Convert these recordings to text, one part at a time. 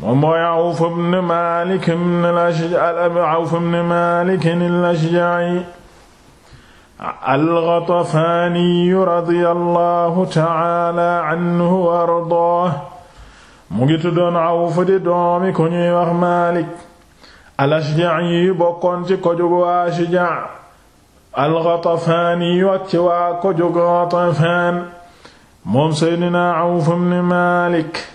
moom mooy Awf ibn Maalik ibn al-Ashja'i Awf ibn Maalik al-Ashja'i al-Ghatafani radiyallahu ta'ala anhu wa ardaahu mu ngi tuddoon Awf di doomi ku ñuy wax Maalik al-Ashja'i bokkoon ci ko jóg waa Ashja' al-Ghatafani ak ci waa ko jóg Ghatafaan moom Seydina Awf ibn Maalik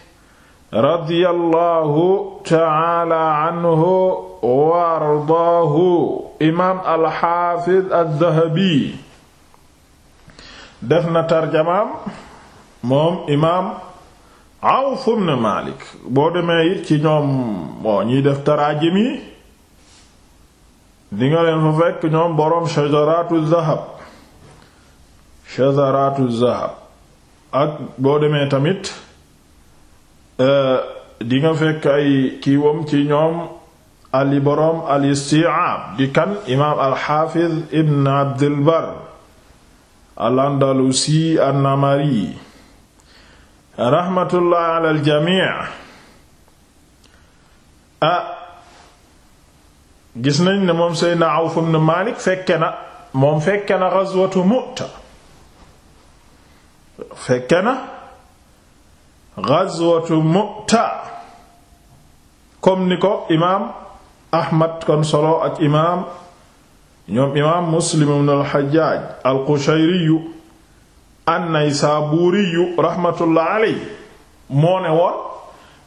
radiyallahu ta'ala anhu wa imaam alxaafiz addahabi def na tarjamaam moom imaam Awf ibn Maalik boo demee it ci ñoom moo def taraajim yi dinga leen fa fekk ñoom boroom shajaraatu zahab boo demee tamit Euh, dinga nga fekk ay kiiwam ci ñoom ali boroom al di kan imaam alxaafiz ibn abdilbar al andalusi annamari raxmatullah ala ah, gis nañ ne moom seydna awf ibn maalik fekke na moom fekke na gazwatu mu'ta fekke na ghazwatu mu'ta comme ni ko imaam ahmad kon solo ak imaam ñoom imaam muslim ibn al-hajjaj al-qushayri an-naysaburi rahmatullah aley moo ne woon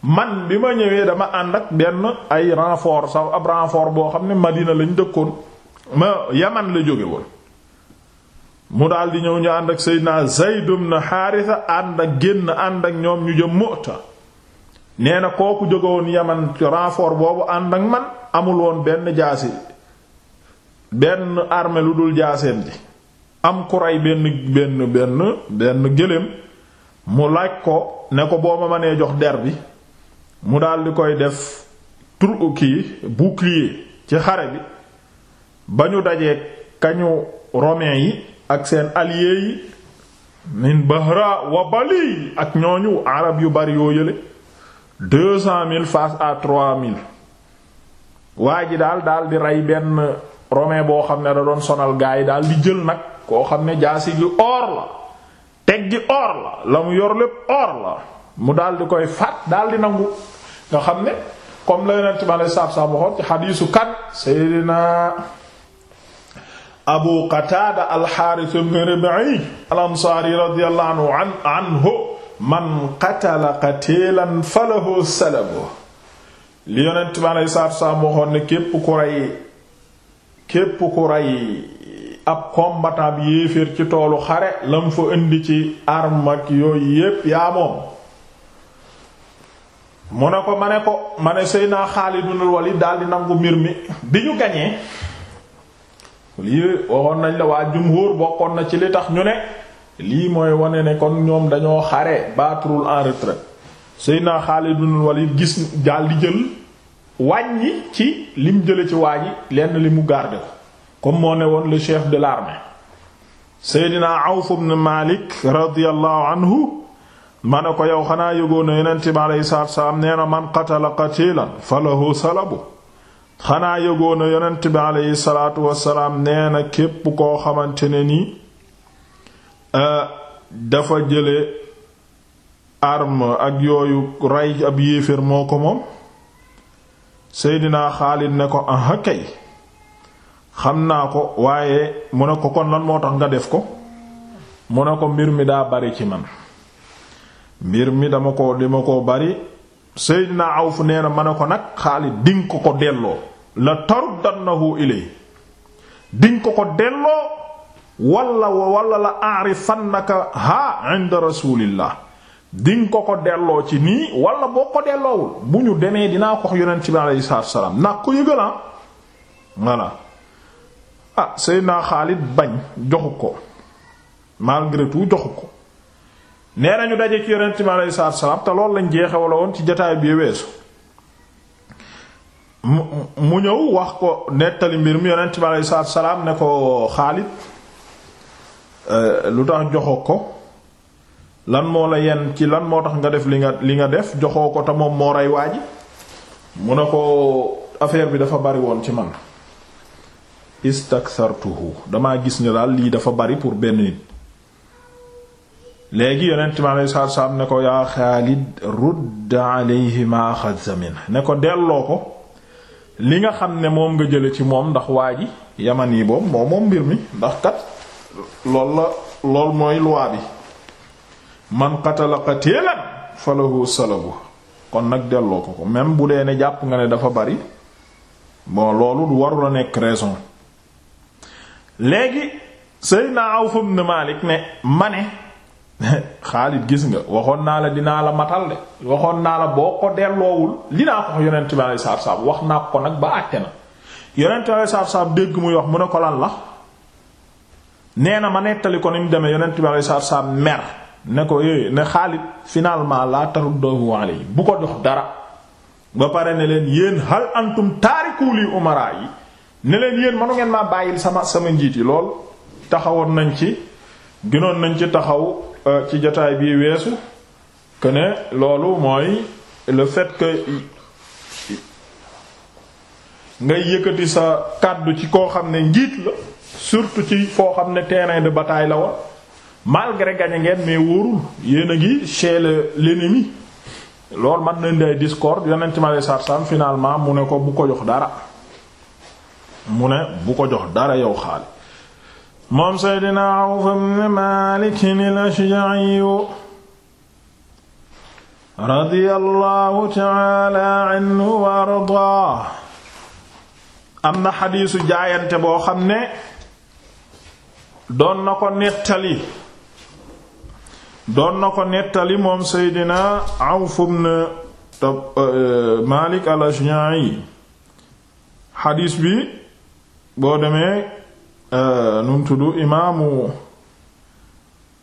man bi ma ñëwee dama ànd ak benn ay renfort sax ab renfort boo xam ne madina lañ dëkkoon ma yaman la jóge woon mu daal di ñëw ñu ànd ak Seydina Zayd ibn Haarisa ànd ak génn ànd ak ñoom ñu jëm Mu'ta nee na kooku jóge woon Yaman renfort boobu ànd ak man amul woon benn jaasi benn armée lu dul jaaseen ji am ku benn benn benn benn gëléem mu laaj ko ne ko boo ma mënee jox der bi mu daldi koy def tur kii bouclier ci xare bi ba ñu dajee kañu romain yi ak seen allié yi min bahra wa bali ak ñooñu arab yu bari yoo yële deux cent mille face à trois mille waa ji daal daal di rey benn romain boo xam ne da doon sonal gaa yi daal di jël nag koo xam ne jaasi gi or la teg gi la la mu yor lépp or la mu daal di koy faat daal di nangu nga xam ne comme la yonent ma lay saab saab waxoon ci xadiisu kan Seydina abu qataada alxaaris ibn rib'i al ansaari radiyallahu anhu man qatala qatiilan falahu salabu li yonent bi aleyhi salaatu salaam waxoon képp ku rey képp ku rey ab combattant yéeféer ci toolu xare lam fa indi ci arme ak yooyu yépp yaa moom mu ne ko ma ne ko ma ne Seydina Xaalid ibn Walid daldi nangu mbir mi bi ñu gañee lii waxoon nañ la waa jumhur bokkoon na ci li tax ñu ne lii mooy wane ne kon ñoom dañoo xare baaturul en retraite Seydina Xaalid ibn gis daal di jël wàññi ci lim jële ci waa ji lenn li mu garde ko comme moo ne woon le chef de l'armée Seydina Awf ibn Malik radiyallahu anhu ma ne ko yow xanaa yëgoon na yonent bi alayhi salaatu wa nee na man qatala qatilan falahu salabu xanaa yëgoona yonent bi aleyhi salaatu wasalaam nee na képp koo xamante ne nii euh, dafa jële arme ak yooyu rey ab yéeféer moo ko moom Seydina Xaalid ne ko aha kay xam naa ko waaye mu ne ko kon lan moo tax nga def ko mu ne ko mbir mi daa bari ci man mbir mi dama ko dama ko bari Seydina Awf nee na ma ne ko nag Xaalid di ko ko delloo la taruddannahu ilay di ko ko delloo wala wala la fan ha inda rasulillah di nga ko ko delloo ci nii wala boo ko delloowul bu ñu demee dinaa ko wax yonent bi alayhi salaatu salaam naa ko yëgal ah voilà ah Seydina bañ joxu ko malgré tout joxu ko. nee nañu daje ci yonent bi aleyhi salaatu salaam te loolu lañ jeexewala woon ci jotaay bi weesu mu ñëw wax ko nettali mbir mi yonent bi aleyhi salaam ne ko Xaalid euh, lu tax joxoo ko lan moo la yenn ci lan moo tax nga def li nga li nga def joxoo ko te moom moo rey waa ji mu ne ko affaire bi dafa bari woon ci man istak istakthartuhu dama gis ne daal lii dafa bari pour benn nit léegi yonent mi alayhi salaatu salaam ne ko yaa Xaalid rudd alayhi ma axadta ne ko delloo ko li nga xam ne moom nga jële ci moom ndax waa ji yaman yi boobu moom moom mbir mi ndax kat lool la lool mooy luwaa bi man qatala qatilan falahu salabu kon nag delloo ko ko même bu dee ne jàpp nga ne dafa bari bon loolu waru la nekk raison léegi Seydina Awf ibn Malik ne ma ne Xaalid gis nga waxoon naa la dinaa la matal de waxoon naa la boo ko delloowul li naa ko yonent bi alayhi salaatu wax naa ko nag ba àtte na yonent bi alayhi salaatu salaam dégg muy wax mu ne ko lan la nee na ma nettali ko ni mu demee yonent bi alayhi salaatu mer ne ko eh ne Xaalid finalement laa taruddahu alayhi bu ko jox dara ba pare ne leen yéen hal antum taariku li yi ne leen yéen manu ngeen maa bàyyil sama sama njiit yi lool taxawoon nañ ci ginoon nañ ci taxaw. Euh, ci jotaay bii weesu que ne loolu mooy le fait que ngay yëkkati sa kàddu ci koo xam ne njiit la surtout ci foo xam ne terrain de bataay la woon malgré gagné ngeen mais wóorul yéen a ngi chez l'ennemi loolu man nañ day discorde yonent mi alei satu salaam finalement mu ne ko bu ko jox dara mu ne bu ko jox dara yow Xaalid moom seydinaa Awf ibn Maalik al radiyallahu ta'ala ardaa am na xadiisu jaayante boo xam ne doon na ko nettali moom Seydina Awf ibn Maalik bi boo demee Euh, nu tudd imaamu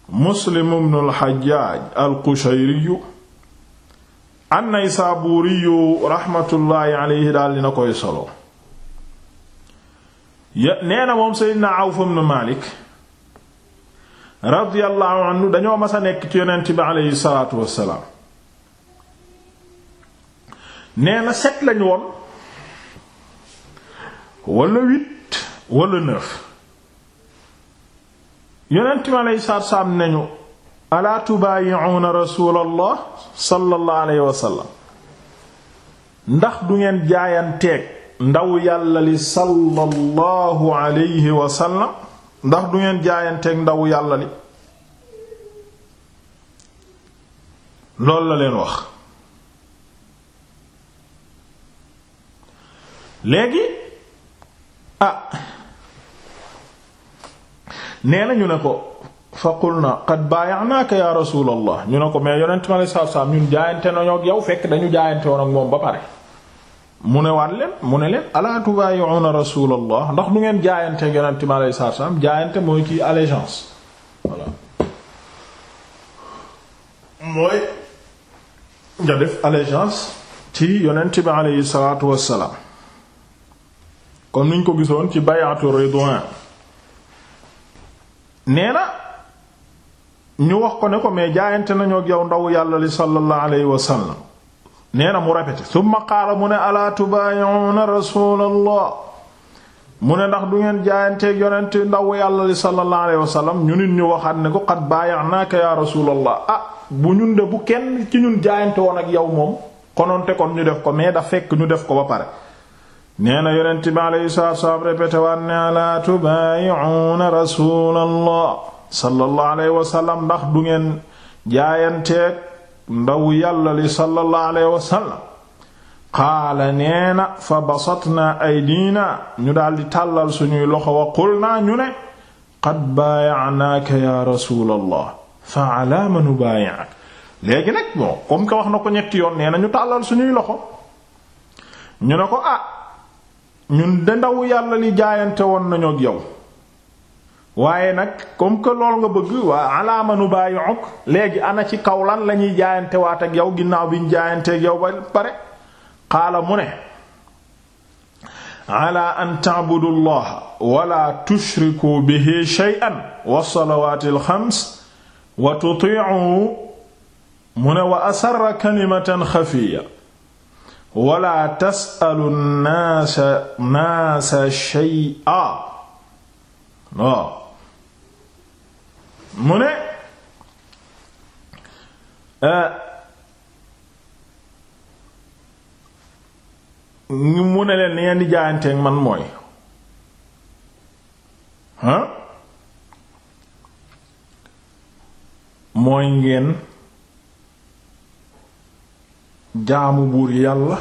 muslim ibnu al-Hajjaaj al-Qushayri an-Naysaabuuri raxmatullaahi alayhi daal dina koy solo nee na moom Seydina Awf ibnu Maalik radiyallaahu anhu dañoo ma a nekk ci yonent bi alayhi salaatu wassalaam nee na set lañu woon wala huit wala neuf yonent mi aleyhi salaatu nañu alaa tubaayi'uuna rasuulallah sallallahu alayhi ndax du ngeen jaayanteeg ndaw yàlla li sallallahu alayhi wa ndax du ngeen jaayanteeg ndaw yàlla li loolu la leen wax léegi ah nee na ñu ne ko fa qulna qad baayaanaaka ya rasulallah ñu ne ko mais yonent mi aleyhi salaatu salaam ñun jaayante nañoo ak yow fekk dañu jaayante woon ak moom ba pare mu ne waat leen mu ne leen alaa tubaayi'uuna rasulallah ndax du ngeen jaayante ak yonent mi aleyhi salaatu salaam jaayante mooy kii allégeance mooy nga def allégeance ci yonent bi aleyhi wassalaam comme niñ ko gisoon ci bay'atu ridwaan nee na ñu wax ko ne ko mais jaayante nañu ak yow ndaw yàlla li sallallahu alayhi wa sallam nee na mu répété summa qaala mu ne alaatu alaa tubaayi'uuna rasuulallah mu ne ndax du ngeen jaayanteeg yonente ndawu yàlla li sallallahu alayhi wa ñu nit ñu waxaat ne ko qad baayaanaaka ya rasuulallah a ah, bu ñun de bu kenn ci ñun jaayante woon ak yow moom konoonte kon ñu def ko mais da fekk ñu def ko ba pare nee na yonent bi alayhi salaatu salaam répété waan ne rasuulallah sallallahu ndax du ngeen jaayanteeg ndaw yàlla li sallallahu alayhi wa sallam na fa basatnaa aydiina ñu daal di tàllal suñuy loxo wa qulnaa ñu ne qad baayaanaaka yaa rasuulallah fa alaa ma nubaayi'uka léegi nag bon comme wax na ko ñetti yoon nee ñu tàllal suñuy loxo ñu ne ko ah. ñun de ndaw yàlla li jaayante woon nañu ak yow waaye nag comme que lool nga bëgg waa alaamanu bàyyi ok léegi ana ci kaw lan la jaayante waat ak yow ginnaaw bi ñu jaayante ak yow ba pare xaala mu ne ala an ta'budu llaha wala tushriku bihi shay'an wa salawaati alxams wa tuti'u mu ne wa asarra kalimatan xafiya wala tasalu naasa naasa shay'a waaw mu ne eh, mu ne leen ni di jaayanteeg man mooy ah mooy ngeen jaamu buur yàlla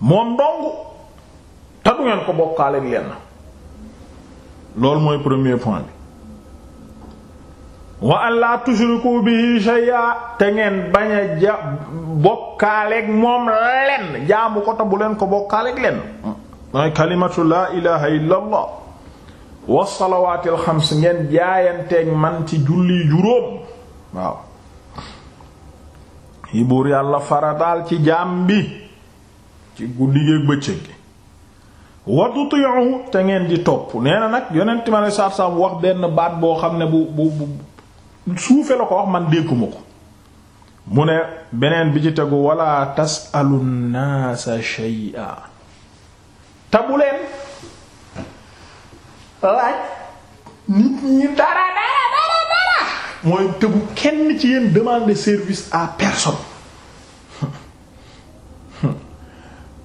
moom dong te du ngeen ko bokkaaleek lenn loolu mooy premier point bi wa an laa tushriku bihi shay'a te ngeen bañ a ja bokkaaleek moom lenn jaamu ko te bu leen ko bokkaaleek lenn mooy kalimatu laa ilaha illa allah xams ngeen jaayanteeg man ci julli juróom waaw yi buur yàlla fara daal ci jaam bi ci guddi géeg bëccëg gi wa tuti'uhu te ngeen di topp nee na nag yonent ma ne saab-saab wax benn baat boo xam ne bu bu bu suufe la ko wax man dékkuma ko mu ne beneen bi ci tegu wala tas naasa shay'a te bu nit ñi dara dara mooy te kenn ci yéen demande service à personne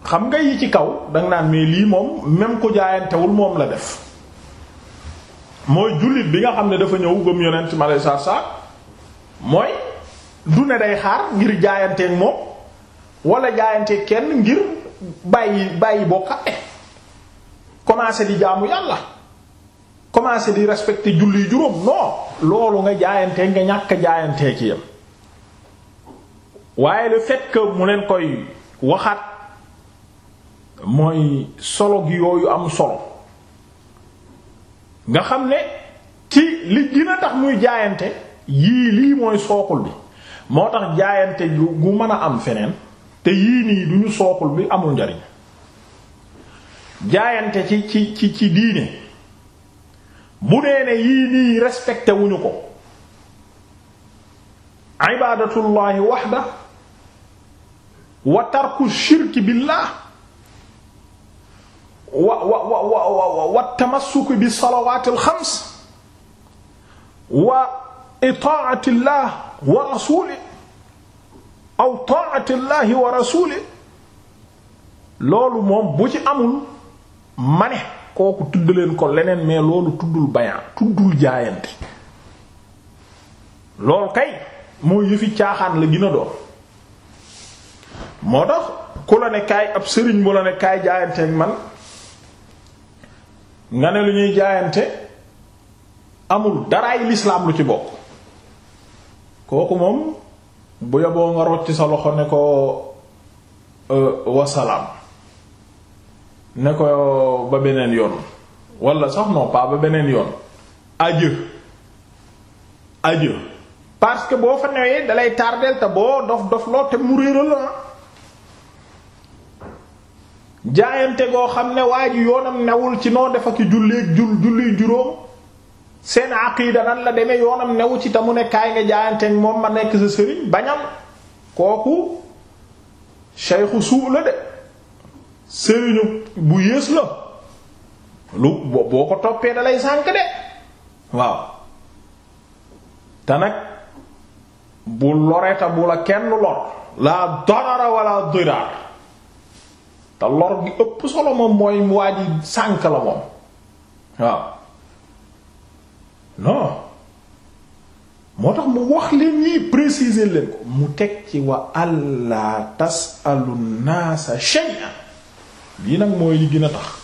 xam nga yi ci kaw danga naan mais lii moom même ko jaayantewul moom la def mooy jullit bi nga xam ne dafa ñëw gëm yonent ma saa saa mooy du ne day xaar ngir jaayanteeg moom walla jaayanteeg kenn ngir bàyyi bàyyi bokkaale eh, commencé di jaamu yàlla commencer di respecter julli juróom non loolu nga jaayante nga ñàkk jaayantee ci yam waaye le fait que mu leen koy waxaat mooy solo gi yooyu am solo nga xam ne ci li dina tax muy jaayante yii lii mooy sookul bi moo tax jaayante gu mën a am feneen te yii nii duñu sookul bi amul njariñ jaayante ci ci ci ci diine bu dee ne yii nii respecté wuñu ko ibaadatullahi waxda wa tarku shirki billah wa wa wa wa wa wa tamassuku bi salawaatil xams wa itaatillah wa rasuli aw taatillahi wa rasuli loolu moom bu ci amul ma ne kooku tudd leen ko leneen mais loolu tuddul bayaan tuddul jaayante loolu kay moo yëfi caaxaan la gën doon moo tax ku la ne kaay ab sëriñ bu la ne kaay jaayante ak man nga ne lu ñuy jaayante amul daraay lislaam lu ci bokk kooku moom bu yoboo nga rocc sa loxo ne ko euh, wasalaam ne ko ba beneen yoon wala sax non ba beneen yoon adieu adieu parce que boo fa newee dalay tardeel te boo dof dof loo te mu réeral la jaayante goo xam ne waa yoonam newul ci noo def ak julleeg jul julliy juróom seen aqiida nan la demee yoonam newu ci te mu nga jaayante moom ma nekk sa sëriñ bañam kooku sayxu suu la de sëriñu bu yées la lu boo ko toppee dalay sànk de waaw te nag bu loreta la kenn lor la darara wala diraar te lor gi ëpp solo moom mooy waa ji sànk la moom waaw non moo tax mu wax leen ñii préciser leen ko mu teg ci wa allah tasalu naasa shay'an bii nag mooy li gën a tax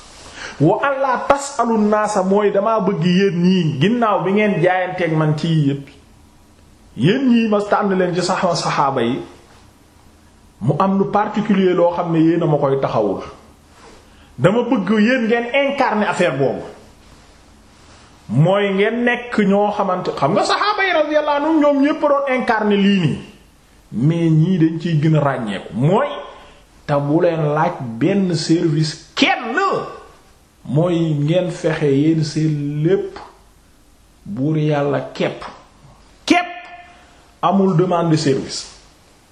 wa allah tas alu naasa mooy damaa bëgg yéen ñii ginnaaw bi ngeen jaayanteeg man ci yépp yéen ñii ma tànn leen ci saxma saxaaba yi mu am lu particulier loo xam ne yéen a ma koy taxawul dama bëgg yéen ngeen incarner affaire boobu mooy ngeen nekk ñoo xamant xam nga saxaaba yi radiyallahu ñoom ñépp doon incarner lii nii mais ñii dañ ciy gën a ràññeeku mooy. te bu leen laaj benn service kenn mooy ngeen fexe yéen seen lépp buur yàlla képp kepp amul demande de service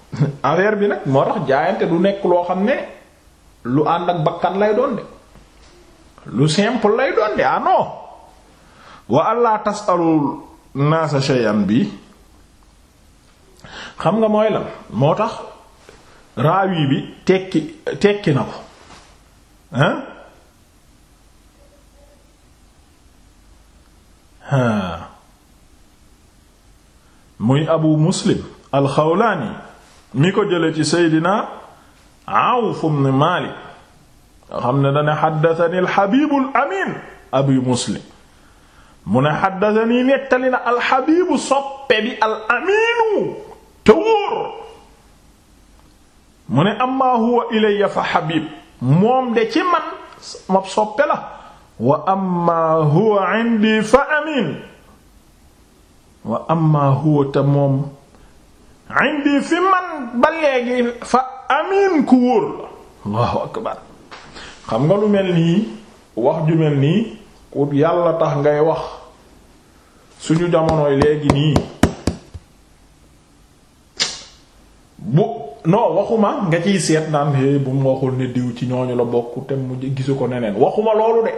bi nag moo tax jaayante du nekk loo xam ne lu ànd ak bakkan lay doon de lu simple lay doon de ah wa allah tasalul naasa shay'an bi xam nga mooy lan moo tax raawi bi tekki tekki na ko haa muy abu muslim alxawlaani mi ko jële ci seydina awf ibn maalik nga xam ne dana xaddatani alxabiibu alamin abu muslim mu ne xaddatani nettali na alxabiibu soppe bi alamiinu te wóor mu ne amma huwa ilayya fa habib moom de ci man ma soppe la wa amma huwa indi fa amin huwa la allahu akbar xam nga lu mel nii wax ju mel nii ku yàlla tax ngay wax suñu jamonooy léegi nii non waxuma nga ciy seet naan é bu mu waxul ne diw ci ñooñu la bokk te mu gisu ko neneen waxuma loolu de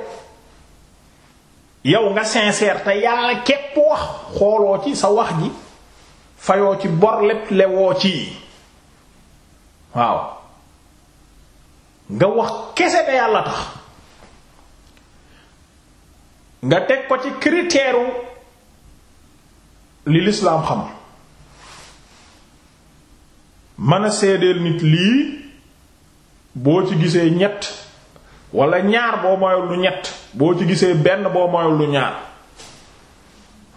yow nga sincère te yàlla képp wax xooloo ci sa wax ji fayoo ci bor lépp lewoo ci waaw nga wax kese te yàlla tax nga teg ko ci critère li lislaam xam mën a seedeel nit lii boo ci gisee ñett walla ñaar boo moyul lu ñett boo ci gisee benn boo moyul lu ñaar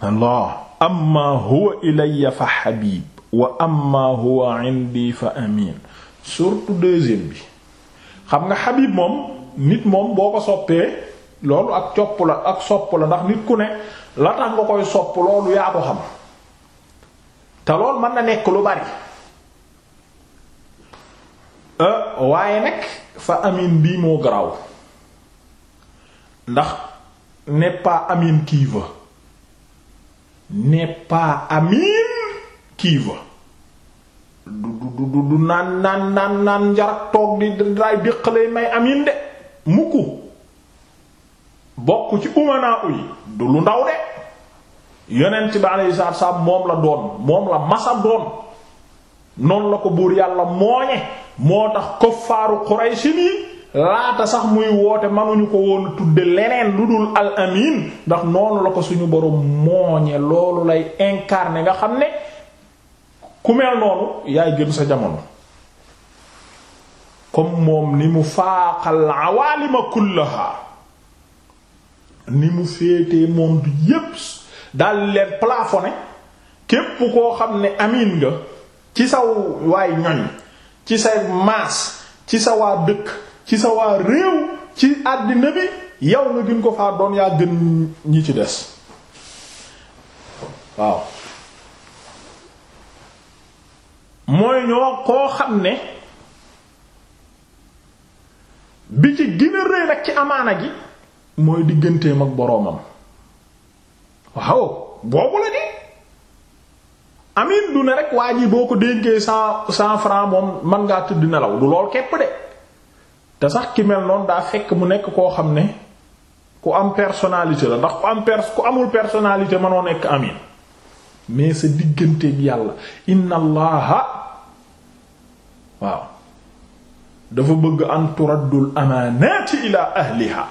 allah amma huwa ilayya fa xabib wa amma huwa indi fa amin surtout deuxième bi xam nga xabib moom nit moom boo ko soppee loolu ak copp la ak sopp la ndax nit ku ne la tax nga koy sopp loolu yaa ko xam te loolu mën na nekk lu bari Euh, waaye nag fa amin bii moo garaaw ndax n'est pas amin qui veut n'est pas amin du du du du naan naan naan naan toog di daay déqalay may amin de mukk bokk ci umanaa yi du lu ndaw de yonent bi alayhi salaatu wa salaam moom la doon moom la masa doon noonu la ko buur yàlla mooñe moo tax kuffaaru Quraysh nii laata sax muy woote manuñu ko woon tudde leneen lu dul al ndax noonu la ko suñu borom mooñe loolu lay incarner nga xam ne ku mel noonu yaay gën sa jamono comme moom ni mu faaxal awaalima kullaha ni mu féetee moom bi yépp dal leen plafonné képp koo xam ne amin nga ci saw waay ñoñ ci say maas ci sa waa dëkk ci sa waa réew ci àddina bi yow nga gën ko faa doon yaa ñi ci des waaw mooy ñoo koo xam ne bi ci gën rëy nag ci amaana gi mooy digganteem ak boroomam waaw boobu la di amin du ne rek waa ji boo ko dénkee cent cent francs moom man ngaa tëdd nelaw du lool képp de te sax ki mel noonu daa fekk mu nekk koo xam ne ku am personnalité la ndax ku am pers ku amul personnalité manoo nekk amin mais sa diggante bi yàlla inna waaw dafa bëgg am turaddul amaanaati ila ahliha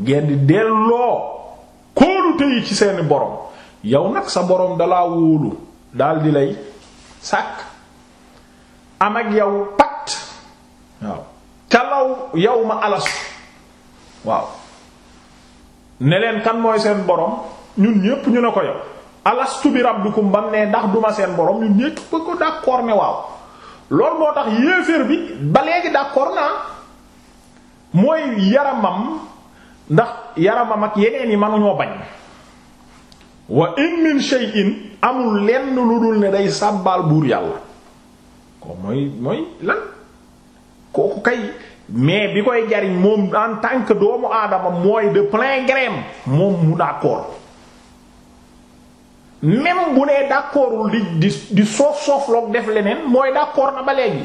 ngeen di delloo kóolu tey ci seeni borom yow nag sa borom dalaa wóolu daal di lay sàkk am ak yow pat waaw kalaw yow ma alasu waaw ne kan mooy seen boroom ñun ñépp ñu ne ko yow alastu bi rabbikum bam ne ndax duma seen boroom ñun ñépp ba ko d'accord ne waaw loolu moo tax yéeféer bi ba léegi d'accord naa mooy yaramam ndax yaramam ak yeneen yi manuñoo bañ wa in min shay'in amul lenn lu dul ne day sàbbaal buur yàlla ko mooy mooy lan kooku kay mais bi koy jariñ moom en tant que doomu aadama mooy de plein gré moom mu d'accord même bu nee d'accordul di di di soof soofloog def leneen mooy d'accord na ba léegi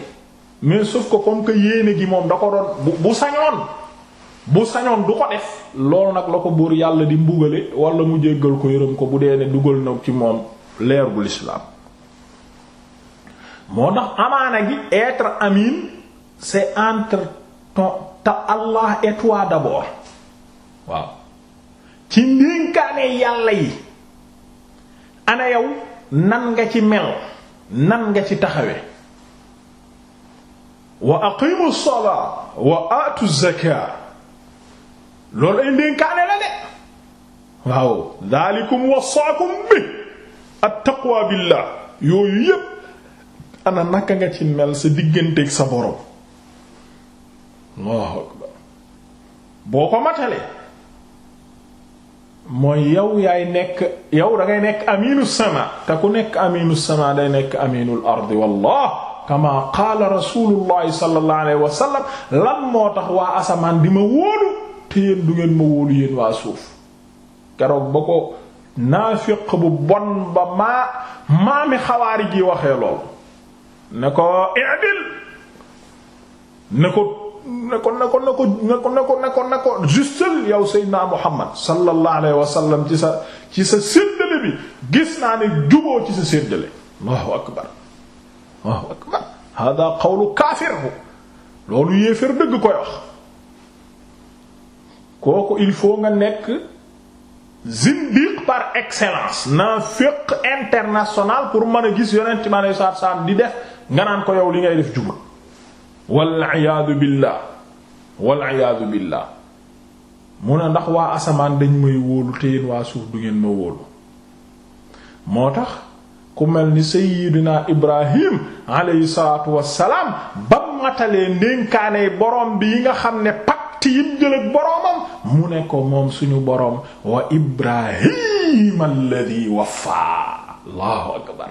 mais suuf que comme que yéene gi moom da ko doon bu bu sañoon bu sañoon du ko def loolu nag la ko buur yàlla di mbugale wala mu jéggal ko yërëm ko bu dee ne dugal na ci moom leer bu lislaam moo tax amaana gi être amin c'est entre ton te Allah et toi d'abord waaw ci ndénkaane yàlla yi ana yow nan nga ci mel nan nga ci taxawe wa aqimu salaa wa aatu zakaa loolu ay ndénkaane la de waaw daalikum wasaakum bi at taqwa yooyu yépp ana naka nga ci mel sa digganteeg sa borom allahu akbar boo ko matale mooy yow yaay nekk yow dangay nekk aminu sama te ku nekk aminu sama day nekk aminul ardi wallah kama qaala rasulullahi sallallahu alayhi wa lan moo tax waa asamaan bi ma wóolu te yéen du ngeen ma wóolu yéen waa suuf keroog ba ko naafiq bu bon ba maa maami xawaari waxee lool ne ko i'dil ne ko ne ko ne ko ne ko ne ko ne ko ne ko ne ko justel yow Seydina Muhammad sallallahu alayhi wa sallam ci sa ci bi gis naa ne juboo ci sa séddale Allahu akbar Allahu akbar hada qawlu kaafir loolu yéefér dëgg koy wax kooku il faut nga nekk zindiq par excellence naafiq international pour mën a gis yonent mi aleyhi salaatu salaam di def nga naan ko yow li ngay def jubut wal iyaadu billah wal iyaadu billah mu ne ndax waa asamaan dañ may wóolu te yéen waa suuf du ngeen ma wóolu moo tax ku mel ni sayyidina ibrahim aleyhi salaatu ba matalee ndénkaaney borom bi yi nga xam ne pak pacte yim boroomam mu ne ko moom suñu boroom wa ibrahim alladhi wafa allahu akbar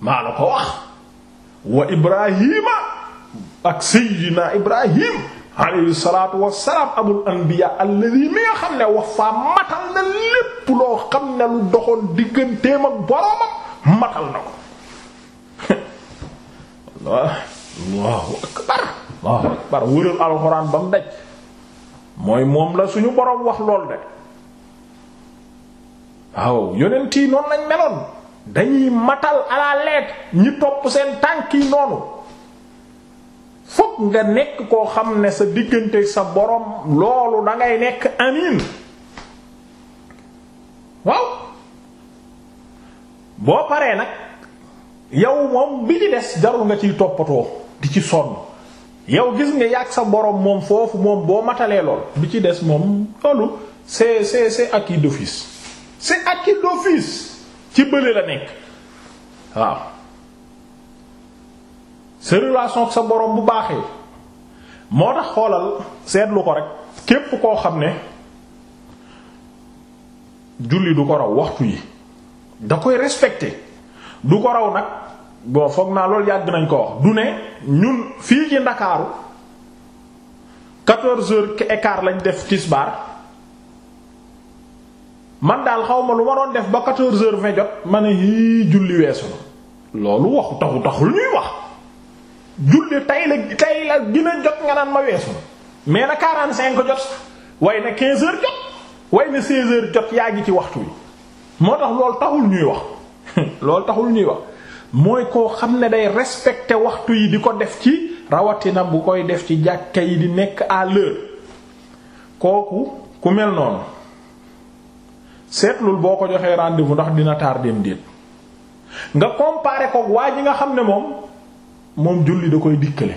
maa la ko wax wa ibrahima ak sayyidina ibrahim alayhi anbiya alladhi mi nga allahu akbar wëral alxuraan ba mu daj mooy moom la suñu boroom wax lool de waaw yonent yi noonu lañ meloon dañuy matal à ñi topp seen tànk yi noonu fokk nga nekk koo xam ne sa diggante sa boroom loolu da ngay nekk amiin waaw boo paree nag yow moom bi di des jarul nga ciy toppatoo di ci sonn yow gis nga yàgg sa borom moom foofu moom boo matalee lool bi ci des moom loolu c'est c'est c'est acquis d'office c'est acquis d'office ci bële la nekk waaw sa ak sa borom bu baaxee moo tax xoolal seetlu ko rek képp koo xam ne julli du ko raw waxtu yi da koy respecté du ko raw nag. bon foog naa loolu yàgg nañ ko wax du ne ñun fii ci Ndakaaru 14 heures et quart lañ def tisbaar man daal xaw ma lu ma doon def ba 14 heures 20 jot ma ne yii julli weesu na loolu waxu taxu taxul ñuy wax julli tay la tay la dina jot nga naan ma weesu na mais na 45 jot way na 15 heures jot way na 16 jot yaa ngi ci waxtu wi moo tax loolu taxul ñuy wax loolu taxul ñuy wax. mooy koo xam ne day respecter waxtu yi di ko def ci rawatina bu koy def ci jàkka yi di nekk à l'heure kooku ku mel noonu seetlul boo ko joxee rendez-vous ndax dina tardem déet nga comparer ko waa ji nga xam ne moom moom julli da koy dikkale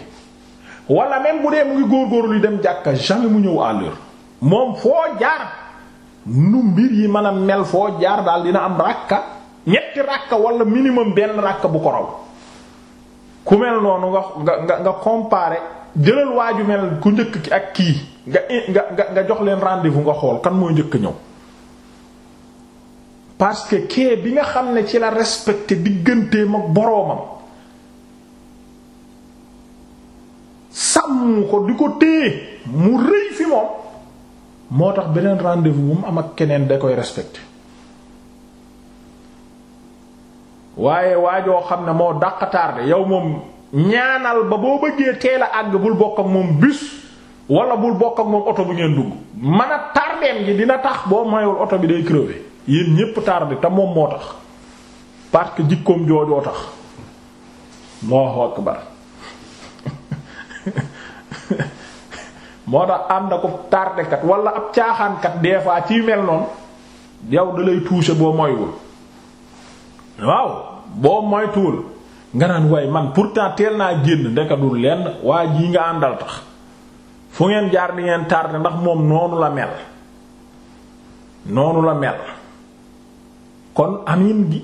walla même bu dee mu ngi góorgóorlu dem jàkka jamais mu ñëw à moom foo jaar nu mbir yi mën a mel foo jaar daal dina am rakka ñetti ràkka wala minimum benn ràkka bu ko raw ku mel noonu nga nga nga comparer jëlal waaju mel ku njëkk ki ak kii nga nga nga jox leen rendez-vous nga xool kan moo njëkk ñëw parce que kee bi nga xam ne ci la respecté digganteem ak boroomam sàmm ko di ko téye mu rëy fi moom moo tax beneen rendez bu mu am ak keneen da koy respecté waaye waa joo xam ne moo daq tardé yow moom ñaanal ba boo bëggee teel a àgg bul bokk ak moom bus wala bul bokk ak moom oto bu ngeen dugg man a tardeem gi dina tax boo mayul oto bi day crevé yéen ñépp tardé te moom moo tax parce que jikkoom joojoo tax Allahu moo tax ànd na ko tardekat wala ab caaxaankat des fois ci mel noonu yow da lay toucher boo moywul waaw boo moytuwul nga naan way man pourtant teel naa génn ndekadul lenn waa jii nga àndal tax fu ngeen jaar di ngeen tardé ndax moom noonu la mel noonu la mel kon amin gi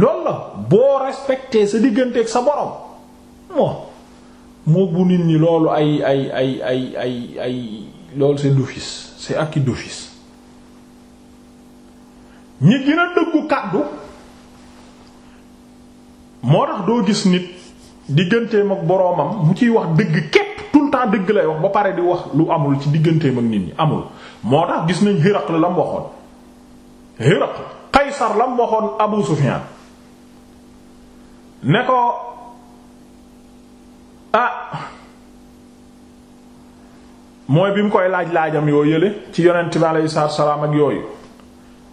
loolu la boo respecté sa digganteeg sa borom moo moo bu nit ñi loolu ay ay ay ay ay ay loolu c'est d'office c'est acquis ñi gën dëggu kàddu moo tax doo gis nit digganteem ak boroomam mu ciy wax dëgg képp tout le temps dëgg lay wax ba pare di wax lu amul ci digganteem ak nit ñi amul moo tax gis nañ Hiraql la mu waxoon Hiraql Qaysar la mu waxoon Abu Sufyan ne ko ah mooy bi mu koy laaj laajam yoo yële ci yonent bi aleyhi salaatu wa salaam ak yooyu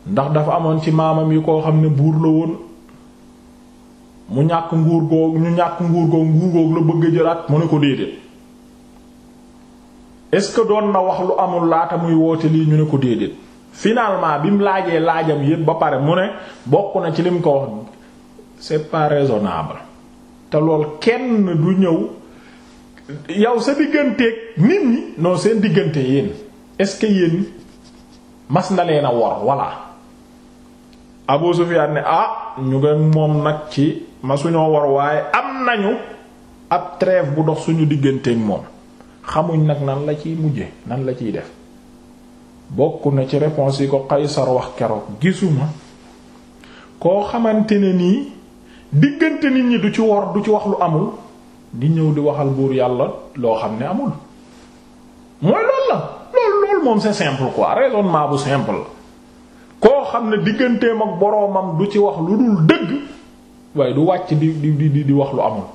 ndax dafa amoon ci maamam yi koo xam ne buur la woon mu ñàkk nguur googu ñu ñàkk nguur googu nguur googu la bëgg jëlaat mu ne ko déedéet est-ce que doon na wax lu amul laata muy woote lii ñu ne ko déedéet finalement bi mu laajee laajam yépp ba pare mu ne bokk na ci lim ko wax c'est pas raisonnable te lool kenn du ñëw yow sa digganteeg nit ñi non seen diggante yéen est-ce que yéen mas na leen a wor voilà Abu Sufyan ne ah ñu nga moom nag ci ma suñoo war waaye am nañu ab trêve bu dox suñu digganteeg moom xamuñ nag nan la ciy mujje nan la ciy def bokk na ci réponse yi ko Qaysar wax keroog gisuma koo xamante ne nii diggante nit ñi du ci wor du ci wax lu amul di ñëw di waxal buur yàlla loo xam ne amul mooy loolu la loolu loolu moom c'est simple quoi raisonnement bu simple la koo xam ne digganteem ak boroomam du ci wax lu dul dëgg waaye du wàcc di di di di wax lu amul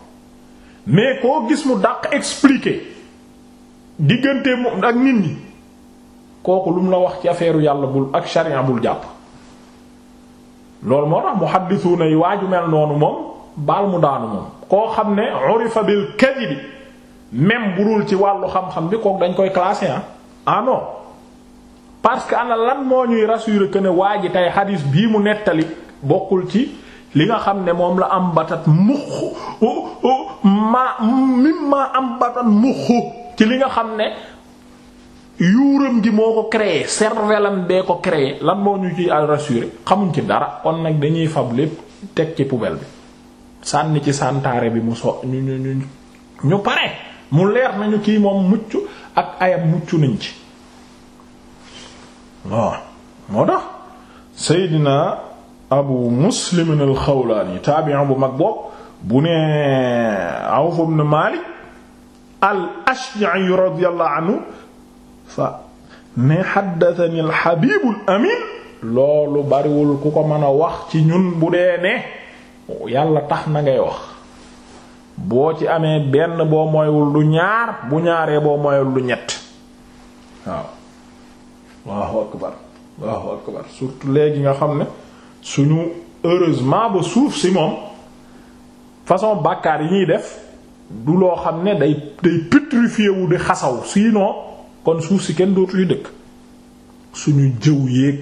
mais koo gis mu dàq expliquer diggante moom ak nit ñi kooku lu mu la wax ci affaire yàlla bul ak sharia bul jàpp loolu moo tax muhaddisuuna yi noonu moom baal mu daanu moom koo xam ne urifa bil kadibi même bu dul ci wàllu xam-xam bi kooku dañ koy classé ah ah non que ana lan moo ñuy rassurer que ne waa ji tey xadiis bii mu nettali bokkul ci li nga xam ne moom la am batat muxu ma mimma am batat muxu ci li nga xam ne yuuram gi moo ko créé cervelam bee ko créé lan moo ñu ci rassuré xamuñ ci dara kon nag dañuy fab lépp teg ci poubelle bi sànni ci santaare bi mu so ñu ñu ñu ñu pare mu leer nañu kii moom mucc ak ayam mucc nañ ci waaw moo tax Seydina abu muslim al-Xawlaani taabi'in bu mag boobu bu ne Awf ibn Maalik al-Ashja'i radiyallahu anhu fa ne haddathani al-Habiib al-Amiin loolu bariwul ku ko mën a wax ci ñun bu dee ne yàlla tax na ngay wax boo ci amee benn boo moywul du ñaar bu ñaaree boo moywul du ñett waaw Allahu akbar Allahu akbar surtout léegi nga xam ne suñu heureusement ba suuf si moom façon bàkkaar yi ñuy def du loo xam ne day day pétrifié wu di xasaw sinon kon suuf si kenn dootuñu dëkk suñu jëw yéeg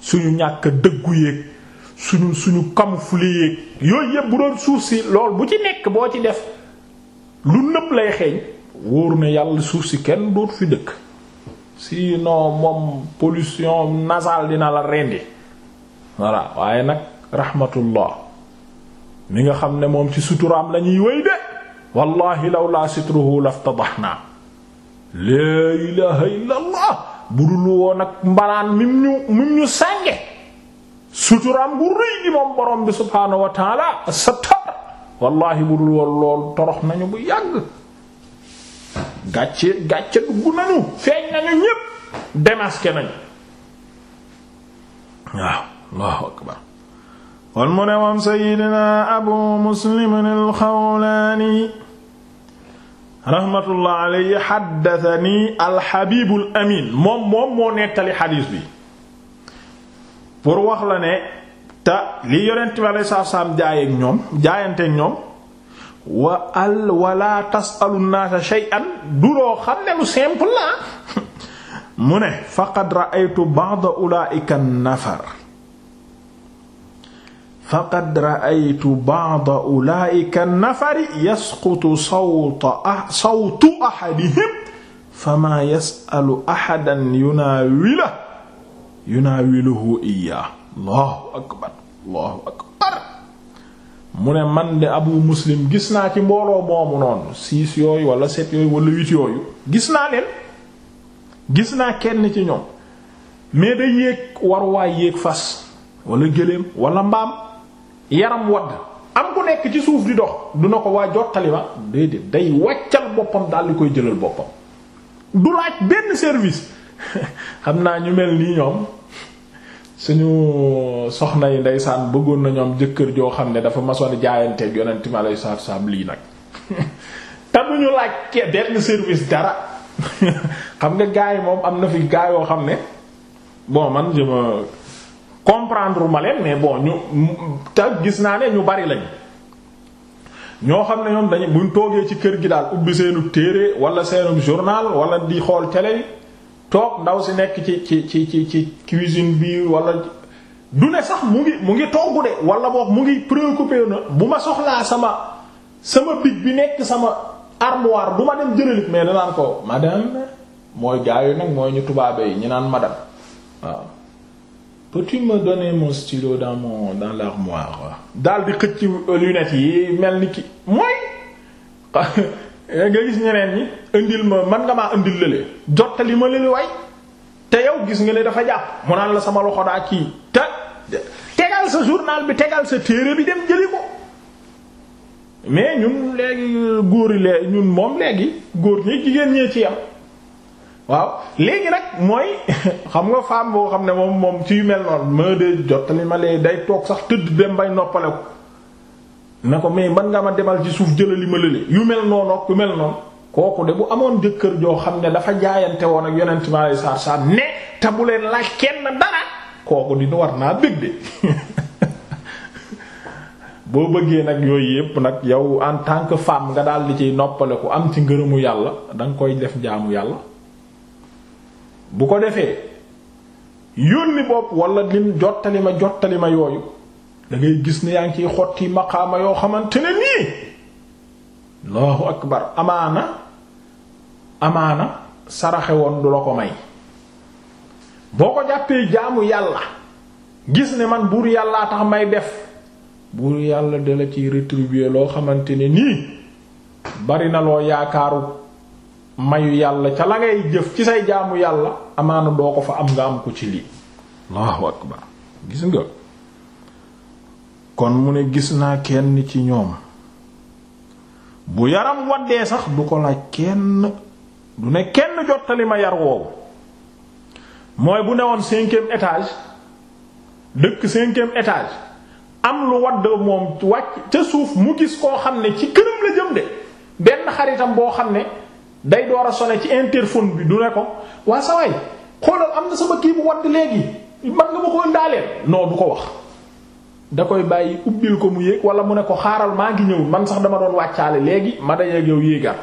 suñu ñàkk dëggu yéeg suñu suñu camoufle yéeg yooyu yëpp bu doon suuf si lool bu ci nekk boo ci def lu nëpp lay xeeñ wóor na yàlla suuf si kenn dootu fi dëkk sinon moom pollution nasale dina la rendi voilà waaye nag rahmatullah mi nga xam ne moom ci suturaam lañuy wéy de wallahi lawlaa sitruhu laftadahna laa ilaha illa bu dul woon ak mbalaan mim ñu mim ñu sànge suturaam bu rëy gi moom borom bi subhaanahu wa taala sattar wallahi bu dul woon lool torox nañu bu yàgg gàcce gàcce dugg nañu feeñ nañu ñépp démasqué nañu waaw allahu akbar kon mu ne moom seydina abu muslim alxawlaani raxmatullah alayhi xaddatani alxabibul amin moom moom moo nettali xadiis bi pour wax la ne te li yonent bi aleyhi salaatu salaam jaayeek ñoom jaayanteek ñoom wa al wala tasalu naasa shay'an du loo ne lu mu ne faqad ra'aytu ba'da ulaa'ika nafar faqad ra'aytu ba'da ulaa'ika nafari yasqutu sawta ah, sawtu ahadihim famaa yas'alu ahadan yunaawilahu yunaawiluhu iyyaah allahu akbar allahu akbar mu ne man de abu muslim gis naa ci mbooloo moomu noonu six yooyu wala sept yooyu wala huit yooyu gis naa leen gis naa kenn ci ñoom mais day yéeg war waay yéeg fas wala gëléem wala mbaam yaram wadd am ku nekk ci suuf di dox du na ko waa jottali ma déedéet day wàccal boppam daal di koy jëlal boppam du laaj benn service xam naa ñu mel nii ñoom suñu soxna yi ndeysaan bëggoon na ñoom jëkkër joo xam ne dafa masoon jaayanteeg yonent mi alayhi salaatu salaam lii nag te duñu laaj benn service dara xam nga gaay moom am na fi gaayoo xam ne bon man jëma comprendre ma leen mais bon ñu te gis naa ne ñu bari lañ ñoo xam ne ñoom dañu buñ toogee ci kër gi daal ubbi seenu téere wala seenu journal wala di xool télé toog ndaw si nekk ci ci ci ci ci cuisine bi wala du ne sax mu ngi mu ngi togg de wala boog mu ngi préoccupé na bu ma soxlaa sama sama big bi nekk sama armoire bu ma dem jëlalit mais danaan ko madame mooy gaayu nag mooy ñu tubaabe yi ñu naan madame waaw peux ma me donner mon stylo dans mon dans l'armoire daal di xëcc lunettes yi mel ni ki mooy nga gis ñeneen ñi indil ma man nga maa indil lële jottali ma lële waay te yow gis nga ne dafa jàpp mu naan la sama loxo daa kii te tegal sa journal bi tegal sa téere bi dem jëli ko mais ñun léegi góor yi ñun moom léegi góor ñi jigéen ñee ci yam waaw léegi nag mooy xam nga femme boo xam ne moom moom ci yu mel noon ma de jottali ma lee day toog sax tëdd dem bay noppaleku ko na ko may man nga ma demal ci suuf jëlali ma lële yu mel noonu ak yu mel noonu kooku de bu amoon jëkkër joo xam ne dafa jaayante woon ak yonent mi alayhi salaatu salaam ne tamu leen laaj kenn dara kooku dina war naa bëgg de boo bëggee nag yooyu yépp nag yow en tant que femme nga daal di ciy noppaleku am ci ngërëmu yàlla danga koy def jaamu yàlla bu ko defee yónni bopp walla lim jottali ma jottali ma yooyu da gis ne yaa ngi ciy xotti maqaama yoo xamante ne nii allahu akbar amaana amaana saraxe woon du la ko may boo ko jàppee jaamu yàlla gis ne man buur yàllaa tax may def buur yàlla da la ciy rétribuer loo xamante ne nii bari na loo yaakaaru mayu yàlla ca la ngay jëf ci say jaamu yàlla amaana doo ko fa am nga am ko ci lii allahu akbar gis nga kon mu ne gis naa kenn ci ñoom bu yaram waddee sax du ko la kenn du ne kenn jottali ma yar woowu mooy bu newoon cinquième étage dëkk cinquième étage am lu wadd moom wàcc ca suuf mu gis koo xam ne ci këram la jëm de benn xaritam boo xam ne day door a sonné ci interphone bi du ne ko waa sa waay xoolal am na sama kii bu wadd léegi man nga ma ko ndaaleel non du ko wax da koy bàyyi ubbil ko mu yéeg wala mu ne ko xaaral maa ngi ñëw man sax dama doon wàccaale léegi ma dajeeg yow yéegal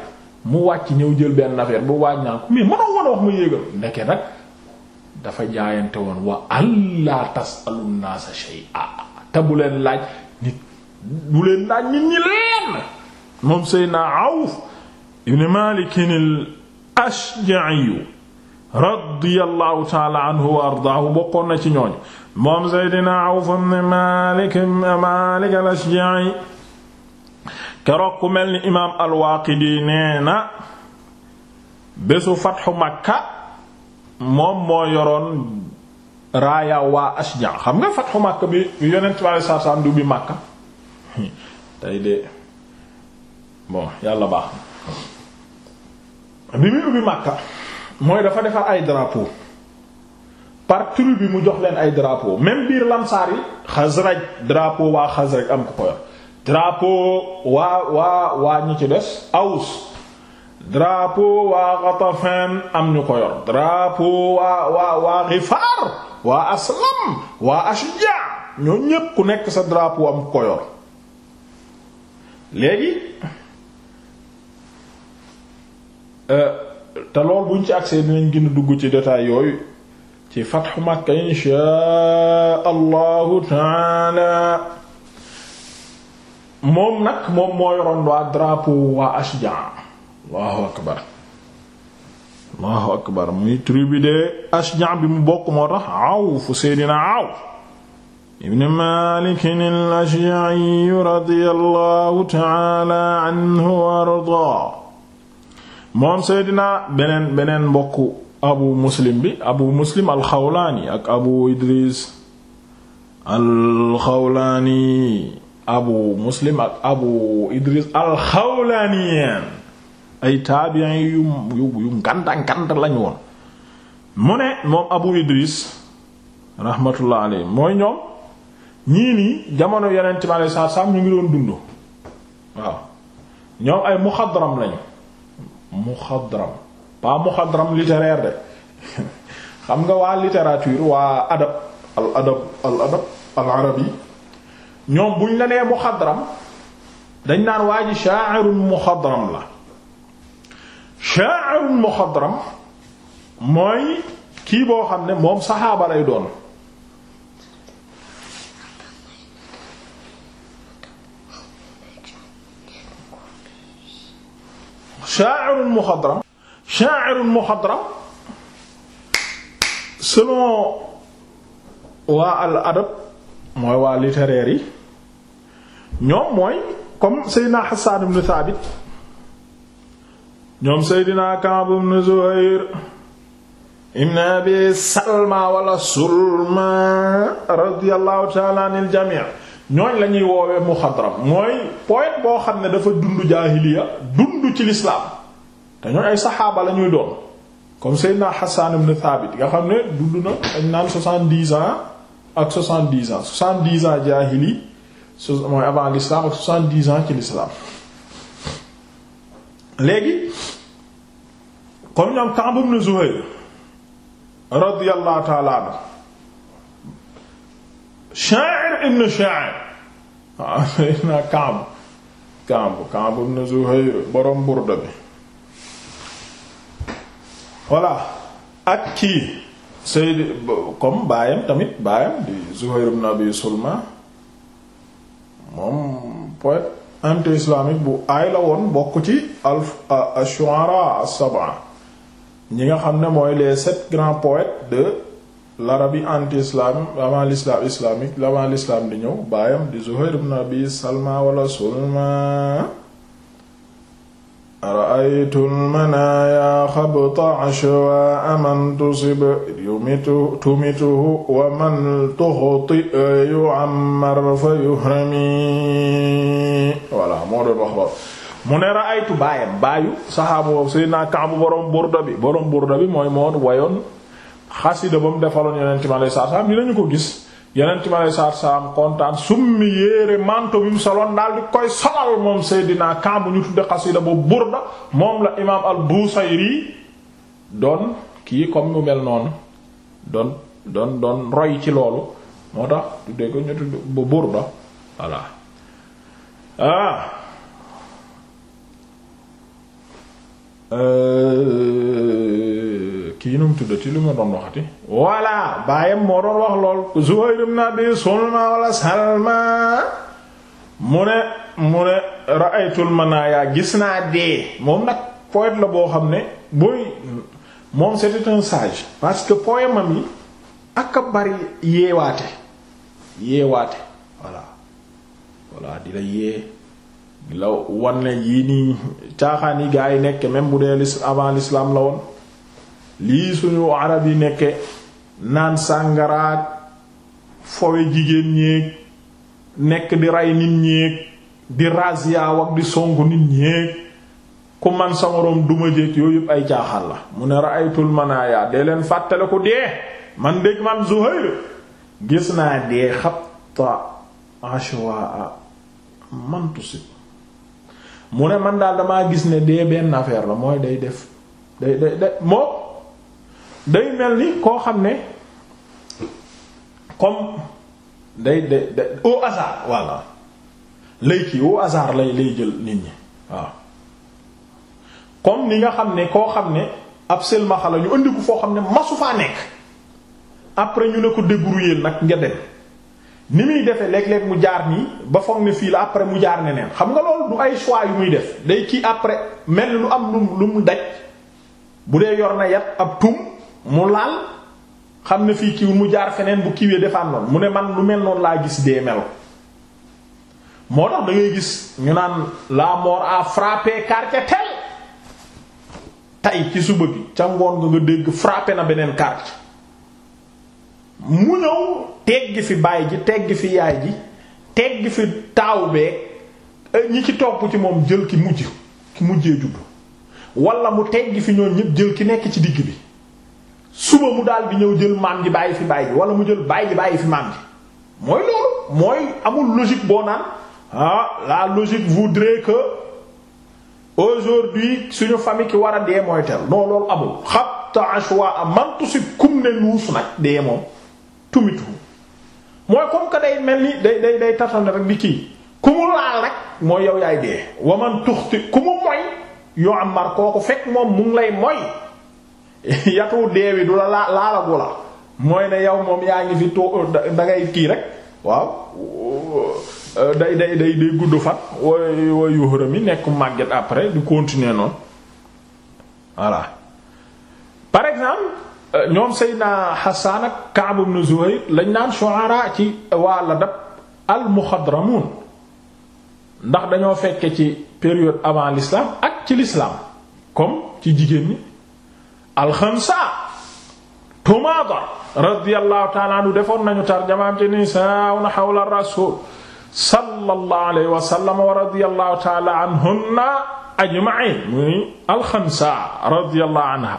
mu wàcc ñëw jël benn affaire bu waaj naa ko mais mënoo woon a wax ma yéegal ndeke nag dafa jaayante woon wa allah tasalu naasa shay'a te bu leen laaj nit bu leen laaj nit ñi leen moom sëy naa awuf ibn Maalik al-Ashja'i radiyallahu taala anhu wa ardaahu bokkoon na ci ñooñu moom Seydina Awf ibn Maalik Maalik al-Ashja'i keroog ku mel ni imaam al-Waaqidi nee na bésu fatxu Makka moom moo yoroon raaya waa Ashja' xam nga fatxu Makka bi Yonent bi alayhi salaatu salaam du bi Makka tey de bon yàlla baax na bi muy ubbi Makka mooy dafa defar ay drapeau par bi mu jox leen ay drapeau même biir lamsaar yi Xasraj drapeau waa Xasraj am ko ko yor waa waa waa ñi ci des Aws drapeau waa Ghatafan am ñu ko yor drapeau waa waa waa Ghifaar waa Aslam waa Ashja ñoo ñépp ku nekk sa drapeau am ko yor léegi Euh, te lool buñ ci agsee dinañ gën a dugg ci détail yooyu ci fatxu Makka inshaa allahu taala moom nag moom moo yoroon waa drapeau waa Ashja akbar allahu akbar muy tribu de Ashja bi mu bokk moo tax ibn Maalik al-Ashja'i taala anhu wa moom seydina beneen beneen mbokk abu muslim bi abu muslim alxawlaani ak abu idris alxawlaani abu muslim ak abu idris alxawlaaniyeen ay taabiyen yu yu nganda nganda lañu woon mu ne moom abu idris rahmatullah alayhi mooy ñoom ñii nii jamono yeneen time ale saa saa ñu ngi doon dund waaw ñoom ay muxadram lañu muxadram pas muxadram littéraire de xam nga waa littérature waa adab al adab al adab al arabi ñoom buñ la nee muxadram dañ naan waa ji sha'irun muxadram la sha'irun muxadram mooy kii boo xam ne moom saxaaba lay doon sha'irun muxadram sha'irun muxadram selon waa al adab mooy waa littéraire yi ñoom mooy comme Seydina Hassan ibn Thabit ñoom Seydina Ka'b ibn Zuhair ibn Abi Salma wala Sulma radiyallahu ta'ala anil jami' ñooñ la ñuy woowee muxadram mooy poète boo xam ne dafa dund jaahiliya dund ci lislaam te ñooñ ay saxaaba la ñuy doon comme Seydina Hassan ibn Thabit nga xam ne dund na dañ naan soixante-dix ans ak soixante-dix ans soixante-dix ans jaahili mooy avant l'islam ak soixante-dix ans ci l'islam léegi comme ñoom Ka'b ibn Zuhayr radiyallahu ta'ala anhu Sha'ir ibn Sha'ir waaw ah, naa Kaab Kaab Kaab ibn Zuhayr borom Burda bi voilà ak kii Sayyid comme baayam tamit baayam di Zuhayr ibn Abi Sulma moom poète anti-islamique bu aay la woon bokk ci al ash-shu'ara as ñi nga xam ne mooy les sept grands poètes de l'Arabie anti-islam avant l'islam islamique l'avant l'islam di ñëw Salma wala Sulma ra'aytu al-manaaya xabta ashwa aman tusib yumitu tumituhu wa man tuxti yu'ammar fa yuhrami voilà moo doon wax lool mu ne borom burda borom burda mooy moon wayoon xasida ba mu defaloon yonent mi alayhi salaam dinañu ko gis yonent mi alayhi salaam kontaan summi yéere manto bi mu soloon daal di koy solal moom Seydina Kaab bu ñu tudde xasida bu burda moom la imaam al-Busayri doon kii ko mu mel noonu doon doon roy ci loolu moo tax tudde ko ñu tudde bu burda voilà ah. euh, kii nu mu tuddati lu ma doon waxati voilà baayam moo doon wax lool Zuhayr ibn Abi Sulma wala Salma mu ne mu ne ra'aytul manaaya gis naa dee moom nag poète la boo xam ne booy moom c'était un sage parce que poème am yi ak a bari yeewaate yeewaate voilà voilà di la yee la wan ne yii nii caaxaan yi gaa yi nekk même bu dee avant l'islam la woon lii suñu arab yi nekke naan sàngaraak fowe jigéen ñéeg nekk di rey nit ñéeg di razia ak di songu nit ñéeg ku man sa moroom duma jéeg yooyu ay jaaxal la mu ne ra'aytul manaaya dee leen fàttale ku dee man dégg man Zuhayr gis naa dee xatta ashwaa mantusib mu ne man daal damaa gis ne dee benn affaire la mooy day def day day day moo day mel ni koo xam ne comme day day day au hasard voilà lay kii au hasard lay lay jël nit ñi waaw comme ni nga xam ne koo xam ne ab silmaxa lañu ñu ko foo xam ne masu faa nekk après ñu ne ko débrouiller nag nga dem ni muy defee léeg-léeg mu jaar nii ba foog ne fii la après mu jaar nga neneen xam nga loolu du ay choix yu muy def day kii après mel lu am lu mu daj bu dee yor na yat ab tum mu laal xam ne fii kiiwul mu jaar feneen bu kiiwee defaan noonu mu ne man lu mel noonu laa gis dee melo moo tax da gis ñu naan la mort a frappé quartier tel tey ci suba bi ca ngoon nga nga dégg frappé na beneen quartier mu ñëw tegg fi baay ji tegg fi yaay ji tegg fi taaw beeg eh, ñi ci topp ci moom jël ki mujj ki mujjee juddu wala mu tegg fi ñoom ñépp jël ki nekk ci digg bi suba mu daal bi ñëw jël maam ji bàyyi fi bàyyi ji wala mu jël bàyyi ji bàyyi fi maam ji mooy loolu mooy amul logique boo naan ah la logique voudrait que aujourd'hui suñu famille ki war a dee mooy tel non loolu amul xabta ashwa a mantu si kum ne luus nag dee moom tumitu mooy comme que day mel ni day day day tatal rek di kii ku mu laal rek mooy yow yaay dee waman tuxti ku mu moy yoo am mar kooku fekk moom mu lay moy yatu deewi du la laa laalagu la mooy ne yow moom yaa ngi fi too euh, da ngay kii rek waaw euh, day day day day gudd fan way way yuxëram yi nekk màgget après du continuer noonu voilà par exemple euh, ñoom Seydina Hassan ak Ka'b ibn Zuhayr lañ naan shu'ara ci waa Ladab al muxadramun ndax dañoo fekke ci période avant l'islam ak ci l'islam comme ci jigéen ñi alxamsa tumaadar radiyallahu ta'ala defoon nañu tarjamaam ci nisaa'un hawla rasul sallallahu alayhi wa sallam wa radiyallahu ta'ala anhunna muy alxamsa radiyallahu anha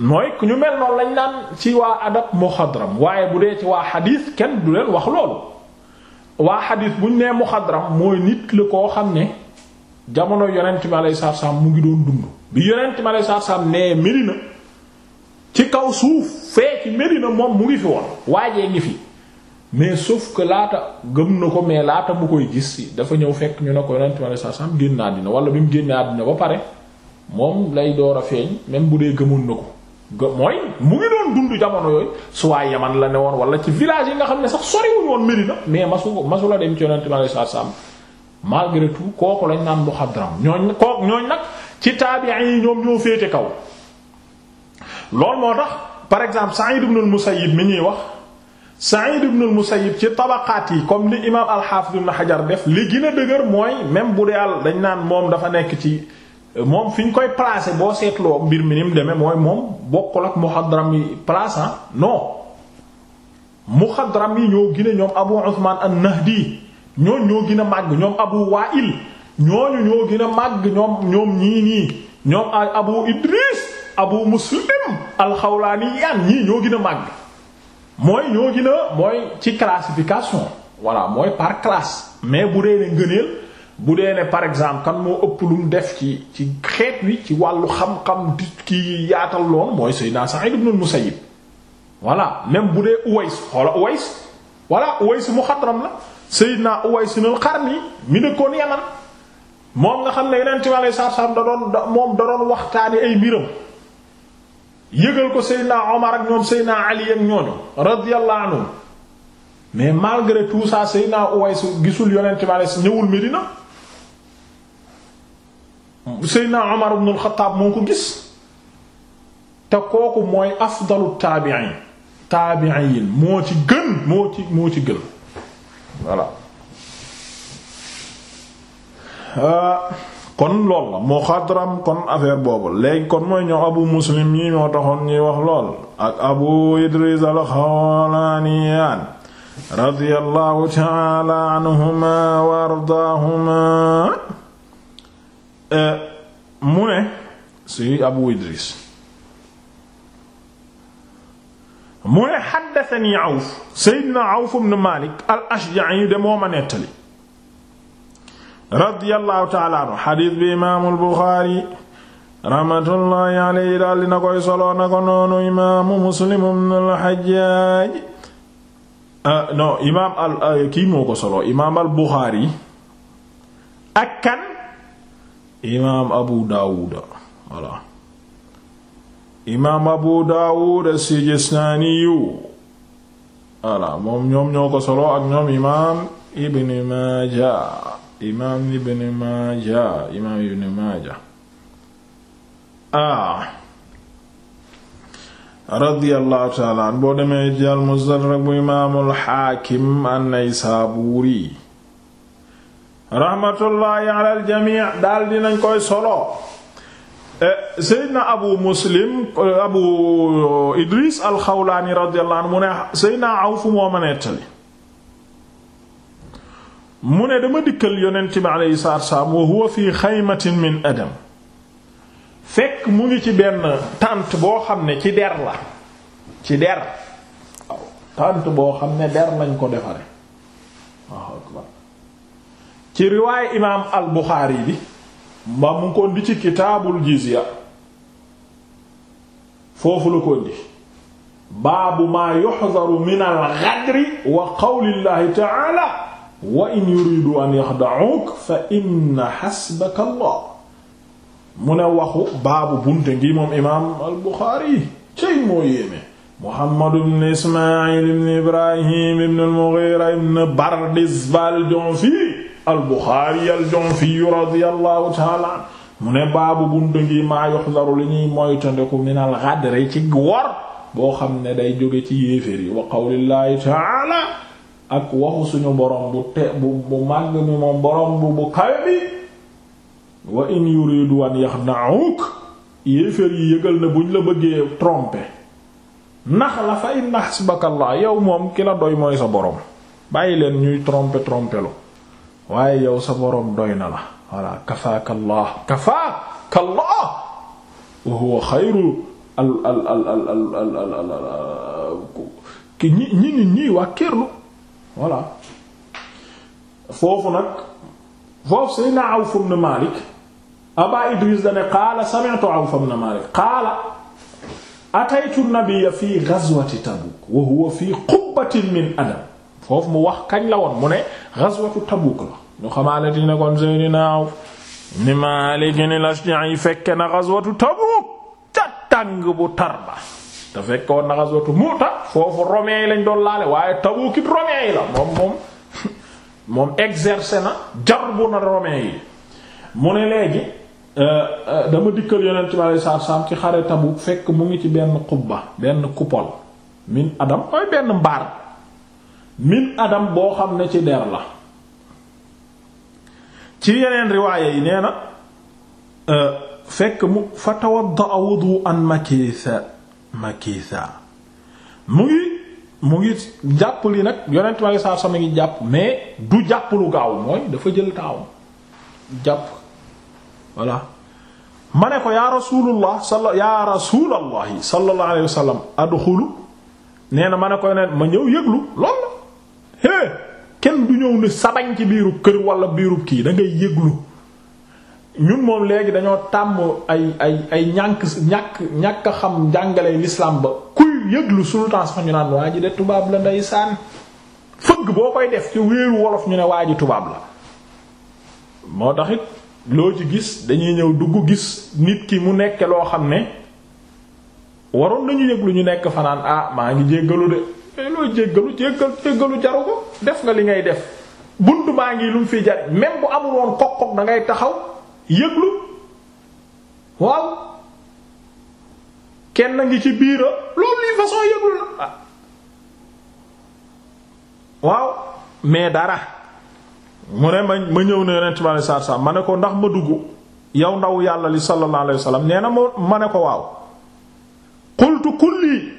mooy ku ñu mel noonu lañ naan ci waa adab muxadram waaye bu dee ci waa xadiis kenn du leen wax loolu waa xadiis buñ nee muxadram mooy nit la koo xam ne jamono yonent bi alayhi salaam mu ngi doon dund bi yonent ma lay saa saam nee ci kaw suuf fee ci Medina moom mu ngi fi woon waajee ngi fi mais sauf que laata gëm na ko mais laata mu koy gis si dafa ñëw fekk ñu ne ko yonent ma lay saa saam génn wala bi mu génnee ba pare moom lay door a feeñ même bu dee gëmoon na ko mooy mu ngi doon dund jamono yooyu soit la ne woon wala ci village yi nga xam ne sax soriwuñ woon mais masu masu la dem ci yonent ma lay saa kooku lañ naan muxadram ñooñ kooku ñooñ nag. ci taabi'in yi ñoom ñoo féete kaw loolu moo tax par exemple Sa'id ibn al-Musayyib mi ñuy wax Sa'id ibn al-Musayyib ci tabaxaat yi comme li imaam al-Hafiz ibn def li gën a dëgër mooy même bu dee al dañ naan moom dafa nekk ci moom fi ñu koy placé boo seetloo mbir mi ni mu demee mooy moom bokkul ak muxadram yi place ah, non muxadram yi ñoo gën a ñoom Abu Usman an-Nahdi ñooñ ñoo gën a màgg ñoom Abu Wa'il ñooñu ñoo gën a màgg ñoom ñoom ñii nii ñoom ay abu idris abu muslim alxawlaani yaan ñii ñoo gën màgg mooy ñoo gën a mooy ci classification voilà mooy par classe mais bu dee ne ngëneel bu dee ne par exemple kan moo ëpp lu def ci ci xeet wi ci wàllu xam-xam di ki yaatal loon mooy Seydina Sa'id ibn al-Musayyib voilà même bu dee Uways xoola Uways voilà Uways mu xatram la Seydina Uways ibn al-Qarni mi nekkoon moom nga xam ne yeneen time alay saab saab da doon moom da doon waxtaani ay mbiram yëgal ko Seydina Omar ak ñoom Seydina Ali ak ñooñu radiyallahu anhu mais malgré tout ça Seydina Uways gisul yonent bi alayhi ñëwul Medina Seydina Omar ibn al-Khattab moo ko gis te kooku mooy afdalu taabi'in taabi'in moo ci gën moo ci moo ci gën voilà Euh, kon lool la muxadram kon affaire boobu léegi kon mooy ñoom abu muslim yi ñoo taxoon ñuy wax lool ak abu idris alxawlaaniyaan radiyallahu taala anhuma wa ardaahuma euh, mu ne si abu idris mu ne xaddasani awf seydina awf ibn malik al ashja'i de moo ma nettali radiyallahu taala anhu xadiis bi imaamu albuxaari raxmatullaahi alayhi daal dina koy soloo na ko noonu imaamu muslim ibnu alxajaaj ah, non imaam al ah, kii moo ko soloo imaam albuxaari ak kan imaam abu daawuda voilà imaam abu daawuda sijistaaniyu voilà moom ñoom ñoo ko soloo ak ñoom imaam ibnu maaja imaam ibn Maaja imaam ibn Maaja ah radiyallahu taala an boo demee ci al-Mustadrak bu imaamul Xaakim an-Naysaabuuri raxmatullaahi ala al-jamii daal dinañ koy solo eh, Seydina Abu Muslim Abu Idris al-Xawlaani radiyallahu anhu mu ne Seydina Awf moo ma nettali mu ne dama dikkal yonent bi aleyhi salaatu wasalaam wa huwa fi xaymatin min adam fekk mu ngi ci benn tànt boo xam ne ci der la ci der waaw tànt boo xam ne der lañ ko defare waaw ci riwaay imaam al bi ba mu ko ndi ci kitaabul jizya foofu la ko ndi baabu maa yuxdaru min al wa qawlillahi taala wa in yuridu an yaxda'uuk fa inna xasbaka allah mu ne waxu baabu bunte ngi moom imaam al buxaari cey moo yéeme muhammadu ibn ismaayil ibn ibrahim ibn al mughira ibn bardizbah al ju'fi al buxaari al ju'fi radiyallahu ta'ala mu ne baabu bunte ngi maa yuxdaru li ñuy moytandeku min al ghadri ci wor boo xam ne day jóge ci yéeféer yi wa qawlillahi ta'ala ak waxu suñu borom bu te bu bu màgg mi moom borom bu bu kawe bi wa in yuridu an yaxda'uk yéeféer yi yëgal na buñ la bëggee tromper nax la fa inna hasbakallah yow moom ki la doy mooy sa boroom bàyyi leen ñuy tromper tromper waaye yow sa boroom doy na la walla kafaakallah kafaakallah wa huwa xayru ki ñi ñi nit ñi waa voilà foofu nag foofu Seydina Awf ibn Malik Aba Idris dane qaala sami'tu Awf ibn Malik qaala ataytu an-nabiyya fi ghazwati Tabuk wa huwa fi qubbatin min adam foofu mu wax kañ la woon mu ne ghazwatu Tabuk la ñu xamaale ti ne kon Seydina Awf ibn Malik al-Ashja'i fekke na ghazwatu Tabuk ca tàng bu tarba te fekkoon na ghazwatu Mu'ta foofu romains yi lañ doon laale waaye Tabuk it romains yi la moom moom moom exercé na jarbu na romains yi mu ne léegi euh, euh, dama dikkal yonent bi alayhi salaatu salaam ci xare Tabuk fekk mu ngi ci benn xubba benn coupole min adam mooy benn mbaar min adam boo xam ne ci der la ci yeneen riwaaye yi nee na euh, fekk mu fa tawadda wudu'an makisa makisa mu ngi mu ngi jàpp li nag yonent ma ngi saa sama ngi jàpp mais du jàpp gaaw mooy dafa jël taawam jàpp voilà ma ne ko yaa rasulullah sal yaa rasulallahi sallallahu alayhi wa sallam adxulu nee na ma ne ko neen ma ñëw yëglu lool la é kenn du ñëw ne sabañ ci biirub kër wala biiru kii dangay ngay yëglu ñun moom léegi dañoo tàmm ay ay ay ñànk ñàkk ñàkk xam jàngale l'islam ba kuy yëglu sultan sax ñu naan waa ji de tubaab la ndey saan fëgg boo koy def ci wéeru wolof ñu ne waa ji tubaab la moo taxit loo ci gis dañuy ñëw dugg gis nit ki mu nekke loo xam ne waroon nañu yëglu ñu nekk fanaan ah maa ngi jéggalu de mais loo jéggalu jéggal jéggalu jaru ko def nga li ngay def bunt baa ngi lu fi jar même bu amul woon kok kok taxaw yëglu waaw kenn ngi ci biira loolu luy façon yëglu la ah. waaw mais dara mu ne ma ñëw ne yonent bi alei satu ma ne ko ndax ma dugg yow ndaw yàlla li sallallahu alayhi wasallam nee na moo ma ne ko waaw qultu kulli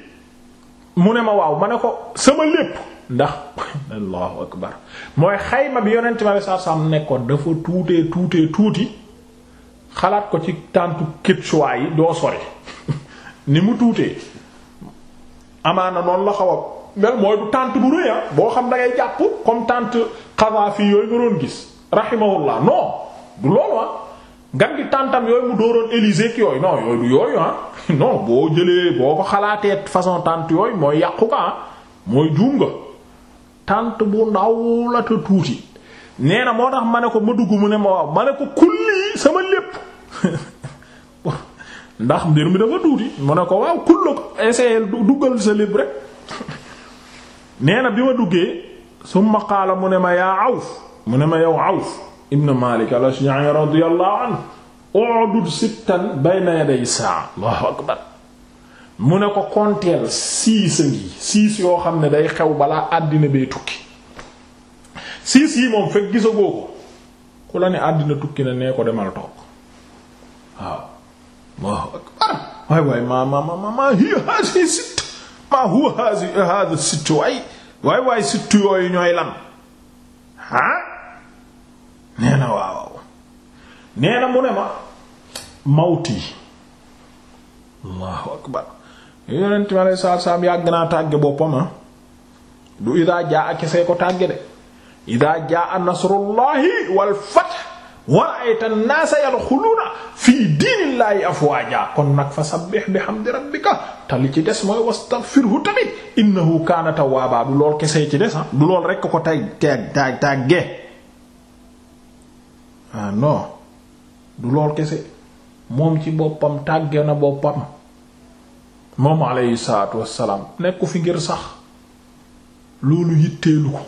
ne ma waaw ma ne ko sama lépp ndax akbar mooy xayma bi yonent bi alei satu salaam ne ko dafa tuutee tuutee tuuti xalaat ko ci tàntu Quechua yi doo sori ni mu tuutee amaana noonu la xaw a mel mooy du tànt bu rëy boo xam na ngay jàpp comme tànt Kadhafi yooyu nga doon gis rahimahullah non du loolu ah ngan gi tàntam yooyu mu dooroon Élysée ki yooyu yooyu du yooyu ah non boo jëlee boo ko xalaatee façon tànt yooyu mooy yàqu ka ah mooy juum nga tànt bu ndaw la tuuti nee na moo tax ma ne ko ma dugg mu ne ma waaw ma ne ko kulli sama lépp ndax mbir mi dafa tuuti mu ne ko waaw kullu ko essayé duggal sa lépp rek nee na bi ma duggee summa qaala mu ne ma yaa awf mu ne ma yow aw ibn malik al-ashja'i radiyallahu anhu udud sittan bayna yaday saa allahu akbar mu ne ko konteel siis a ngi siis yoo xam ne day xew balaa àddina bee tukki siis yi moom fekk gisagoo ko ku la ne tukki na nee ko demal toog waaw waaw waay waay maa ma ma ma maa hi maa huwa haasi eh, haasi sitt waay waay waay sitt yooyu ñooy lan ah nee na waaw nee na yàgg naa tàgge boppam ah. du idaa jaa ak see ko tàgge de idaa jaa nasrullahi wal fath wa ra'ayta an-naasa yadxuluuna fii diinillaahi afwaajaa kon nag fa sabbih bihamdi rabbika te li ci des mooy wastaghfirhu tamit innahu kaana tawwaaba du lool kese ci des ah. du lool rekk ko tay tag tàggee ah du lool kese moom ci boppam tàggee na boppam moom alayhi salaatu wassalaam nekku fi ngir sax loolu yitteelu ko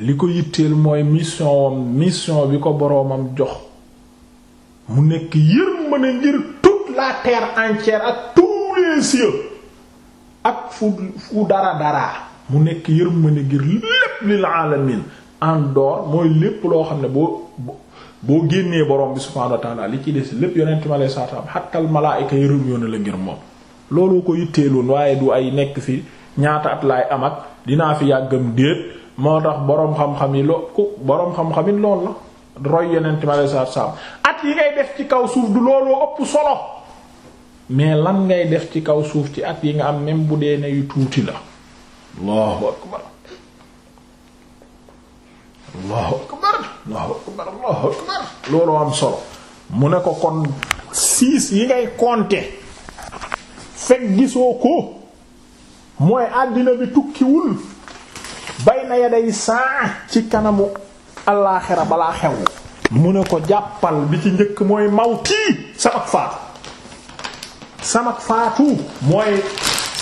li ko yitteel mooy mission wam mission bi ko boroomam jox mu nekk yërmande ngir toute la terre entière ak tous les ak fu fu dara dara mu nekk yërmande ngir lépp lil alamin en dehors mooy lépp loo xam ne boo boo génnee borom bi subhaanahu li ci des lépp yonent ma lay saatam xàttal malaayika yërëm yoon la ngir moom looloo ko yitteeloon waaye du ay nekk fi ñaata at lay am ak dinaa fi yàggam déet. moo tax boroom xam-xam yi loo boroom xam yi lool la roy yonent ma lay saab saab at yi ngay def ci kaw suuf du looloo ëpp solo mais lan ngay def ci kaw suuf ci at yi nga am même bu dee ne yu tuuti la allahu akbar allahu akbar allahu akbar allahu am solo mu ne ko kon six yi ngay compter fekk gisoo ko mooy àddina bi tukkiwul bay na ya day saa ci kanamu allaaxira balaa xew mu ne ko jàppal bi ci njëkk mooy mawtii samak faatu samak faatu mooy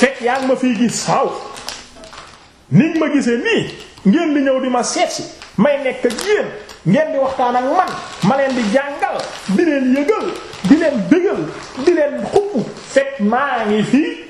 fekk yaa ngi ma fiy gis waaw niñ ma gise nii ngeen di ñëw di ma seetsi may nekk ak yéen ngeen di waxtaan ak man ma leen di jàngal di leen yëgal di leen bégal di leen xupp fekk maa ngi fii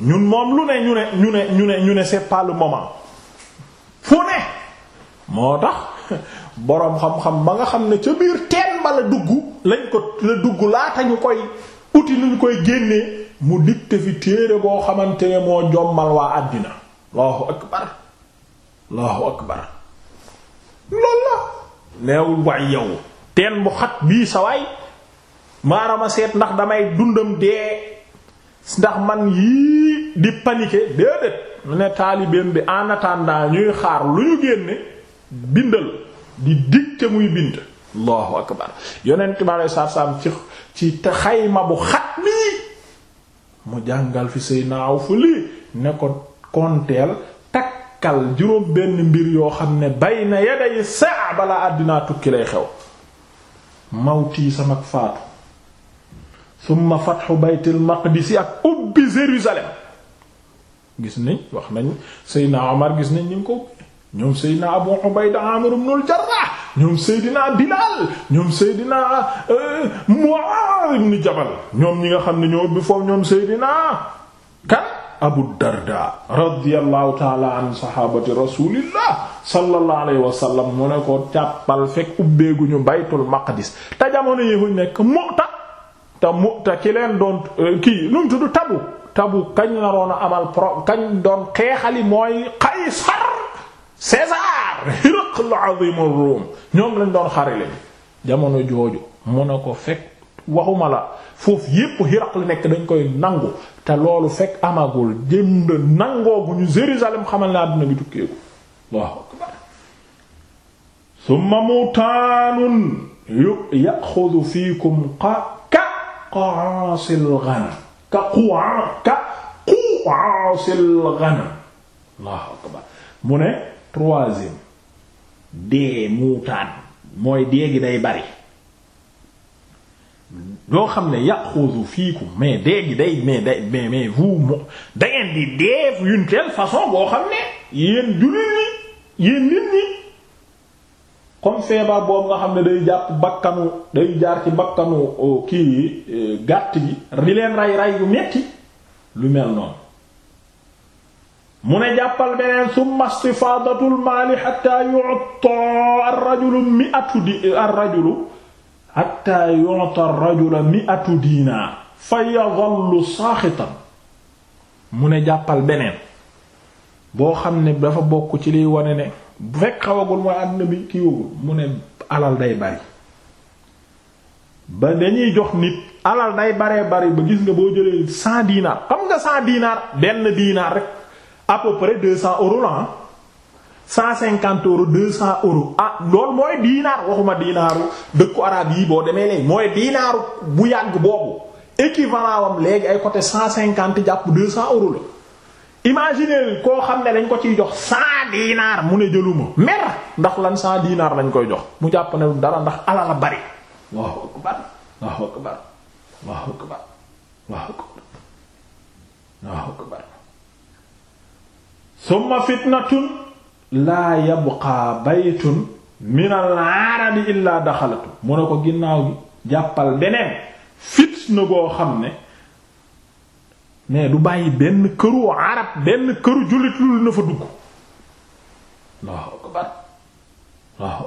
ñun moom lu ne ñu ne ñu ne ñu ne ñu ne c'est pas le moment fu ne moo tax boroom xam-xam ba nga xam ne ca biir teen ba la dugg lañ ko la dugg laata ñu koy uti luñ koy génnee mu dicté fi téere boo xamante ne moo jommal waa àddina allahu akbar allahu akbar loolu la neewul waay yow teen bu xat bii sawaay maarama seet ndax damay dundam dee ndax man yii di paniquer déedéet mu ne taalibeem bi en attendant ñuy xaar lu ñu génne bindal di dicter muy bind allahu akbar yonent bi alei satu ci ci xayma bu xat nii mu jàngal fi say naaw fu lii ne ko konteel takkal juróom benn mbir yoo xam ne bay na yaday saa balaa àddinaa tukki lay xew mawti sama faatu summa fatxu baytil maqdisi ak ubbi Jérusalem gis ni wax nañ Seydina Omar gis nañ ni nga ko ubbee ñoom Seydina Abu Ubayda Amir ibnul Jarrah ñoom Seydina Bilal ñoom Seydina euh, Mu'adh ibn Jabal ñoom ñi nga xam ne ñoo ubbi foofu ñoom Seydina kan Abu Darda radiyallahu taala an sahabati rasulillah sallallahu alayhi wa sallam mu ne ko càppal fekk ubbeeguñu baytul maqdis te jamono yi nekk Mu'ta te mu te ki leen doon eh, kii nu mu tudd tabu tabu kañ naroon a amal pro kañ doon xeexali mooy Qaysar César Hiraql azim ar-Rum ñoom lañ doon xarale jamono jooju mun ne ko fekk waxuma la foofu yépp la nekk dañ koy nangu te loolu fekk amagul jënd nangoo bu ñu Jérusalem xamal na àdduna bi tukkeeku waaw summa mutaanun yaxudu fiikum qa quaasil ghanam ka quaa ka quaasil ghanam allahu akbar mu ne troisième dee muutaan mooy dee gi day bari loo xam ne yaxudu fiikum mais dee gi day mais day mais mais vous moom da ngeen di dee une telle façon boo xam ne yéen jullit ñi yéen nit ñi comme feebar boobu nga xam ne day jàpp bakkanu day jaar ci bakkanu kii e, gàtt gi di leen ray rey yu metti lu mel noonu mu ne jàppal beneen summa istifadatul maali xatta yu'ta ar-rajulu mi'atu diinaar fa yadhallu saaxitan mu ne jàppal beneen boo xam ne dafa bokk ci liy wane ne bu fekk xawagul mooy àdduna bi ki wóogul mu ne alal day bari dañuy jox nit alal day bari ba gis nga boo jëlee cent dinaar xam nga cent dinaar benn dinaar rek à peu près deux cent euros la cent cinquante euros deux cent euros ah loolu mooy dinaar waxuma dinaaru dëkku araab yii boo demee léegi mooy dinaaru bu yàgg boobu équivalent am léegi ay côté cent cinquante jàpp deux cent euros la imaginez koo xam ne dañ ko ciy jox cent dinaar mu ne jëluma mer ndax lan cent dinaar lañ koy jox mu jàpp ne dara ndax ala bari Allahu akbar Allahu akbar Allahu akbar Allahu akbar Allahu akbar summa fitnatun laa yabqaa baytun min al-arabi illaa daxalatu mu ne ko ginnaaw gi jàppal beneen fitna goo xam ne mais du bàyyi benn këru arab benn këru jullit lu na fa dugg Allahu akbar Allahu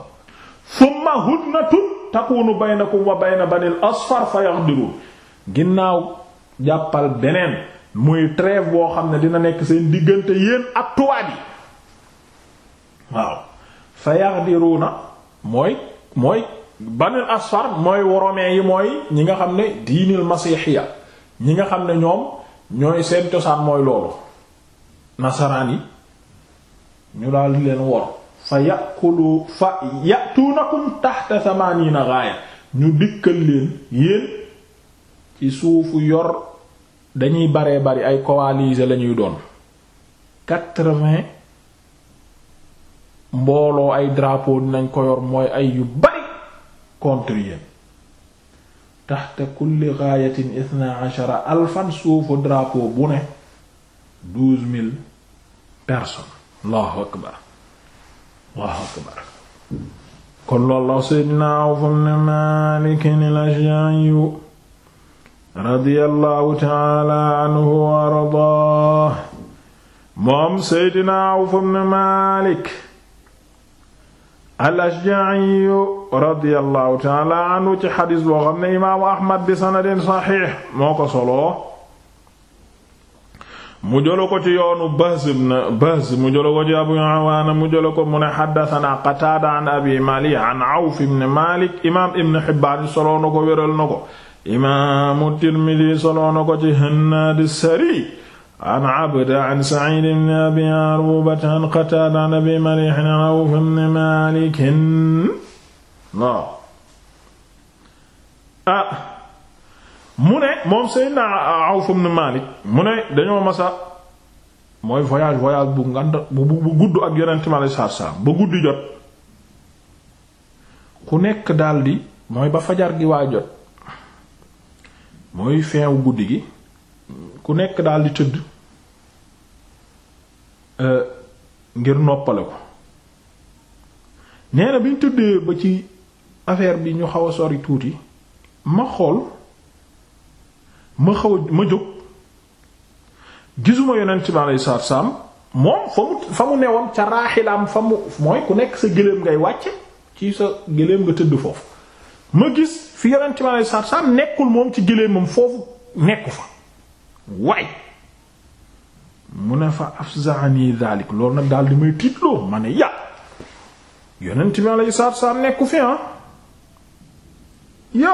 summa hudnatun takunu baynakum bayna banil asfar fa yaghdirun ginnaaw jàppal beneen muy trêve boo xam ne dina nekk seen diggante yéen ak tubaab yi waaw fa yaghdiruna mooy mooy banil asfar mooy woromee yi mooy ñi nga xam ne diinil masihiya ñi nga xam ne ñoom ñooy seen cosaan mooy loolu nasaraan yi ñu daal leen wor fa yàqulu fa yàtuunakum taxta samaniina gaaya ñu dikkal leen yéen ci suufu yor dañuy baree bari ay coalisés lañuy doon quatre-vingts mbooloo ay drapo dinañ ko mooy ay yu bari contre yéen taxta kulli gaayatin ithna ashara alfan suufu drapeau bu ne douze mille personnes allahu akbar allahu akbar kon loolu la seydina Awf ibn Maalik al-Ashja'i radiyallahu ta'ala anhu wa ardaahu moom seydina Awf ibn Maalik al-Ashja'i radiyallahu ta'ala anhu ci xadis boo xam ne imaamu Ahmad bi sanadin saxiix moo ko soloo mu jëla ko ci yoonu Bahz ibn Bahz mu jëla ko ci Abu Awaana mu jëla ko mu ne xaddasanaa Qataada an Abi Mali an Awf ibn Malik imaam Ibn Hibbaan soloo na ko wéral na ko imaamu Tirmidi soloo na ko ci Hannaad as-Sari an Abda an Saciid ibn Abi Aruuba an Qataada an Abi Maliih an Awf ibn ah. mu ne moom Seydina Awf ibn Maalik mu ne dañoo masa mooy voyage voyage bu ngand bu bu gudd ak Yonent mi alayhi salaatu ba guddi jot ku nekk daldi mooy ba fajar gi waa jot mooy fin guddi gi ku nekk daldi tëdd Euh, ngir noppale ko nee na bi ñu tëddee ba ci affaire bi ñu xaw a sori tuuti ma xool ma xaw a ma jóg gisuma yonent bi alayhi salaatu salaam moom fa mu fa mu newoon ca raaxilaam fa mu mooy ku nekk sa gëléem ngay wàcc ci sa gëléem nga tëdd foofu ma gis fi yonent bi alayhi salaatu nekkul moom ci gëléemam foofu nekku fa waaye mu ne fa afzaani daalik loolu nag daal di may tiitloo ma ne ya yonent bi alayhi salaatu salaam nekku fi ah ya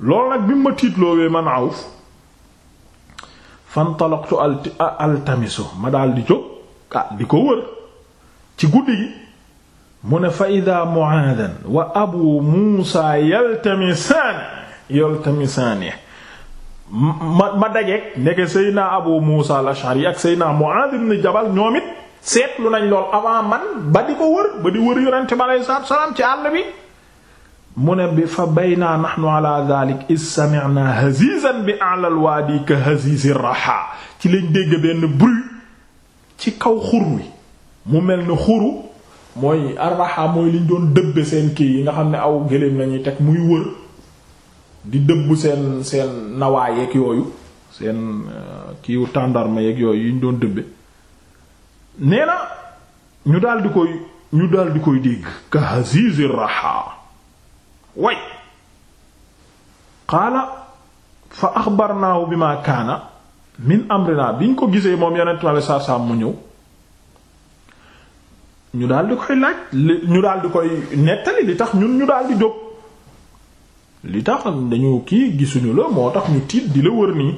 loolu nag bi ma tiitloowee man awf fantalaqtu altamisu ma daal jóg ah di ko wër ci guddi gi mu ne fa ida muaadan wa abu muusa yaltamisaani yaltamisaani ma ma dajeek ndeke naa Abu Musa al-Ash'ari ak Seydina mu ibn Jabal ñoom it seetlu nañ lool avant man ba di ko wër ba di wër yonent bi aleyhi salaam ci àll bi mu ne bi fa baynaa nahnu ala dhalik is sami'na hazizan bi a'la al-wadi ka hazizi raha ci lañ dégg benn bruit ci kaw xur wi mu mel ni xuru mooy ar raha mooy liñ doon dëbbe seen kii yi nga xam ne aw gëléem lañuy teg muy wër di dëbb seen seen nawaa yeeg yooyu seen euh, kiiwu tàndarma yeeg yooyu yi ñu doon dëbbe nee na ñu daldi koy ñu daldi koy dégg ka hazizi way qaala fa axbarnaahu bi ma kaana min amrina bi ñu ko gisee moom yeneen tamit saa saa mu ñëw ñu daal koy laaj ñu daal di koy nettali li tax ñun ñu daal di li tax dañu kii gisuñu la moo tax ñu tiit di la wër nii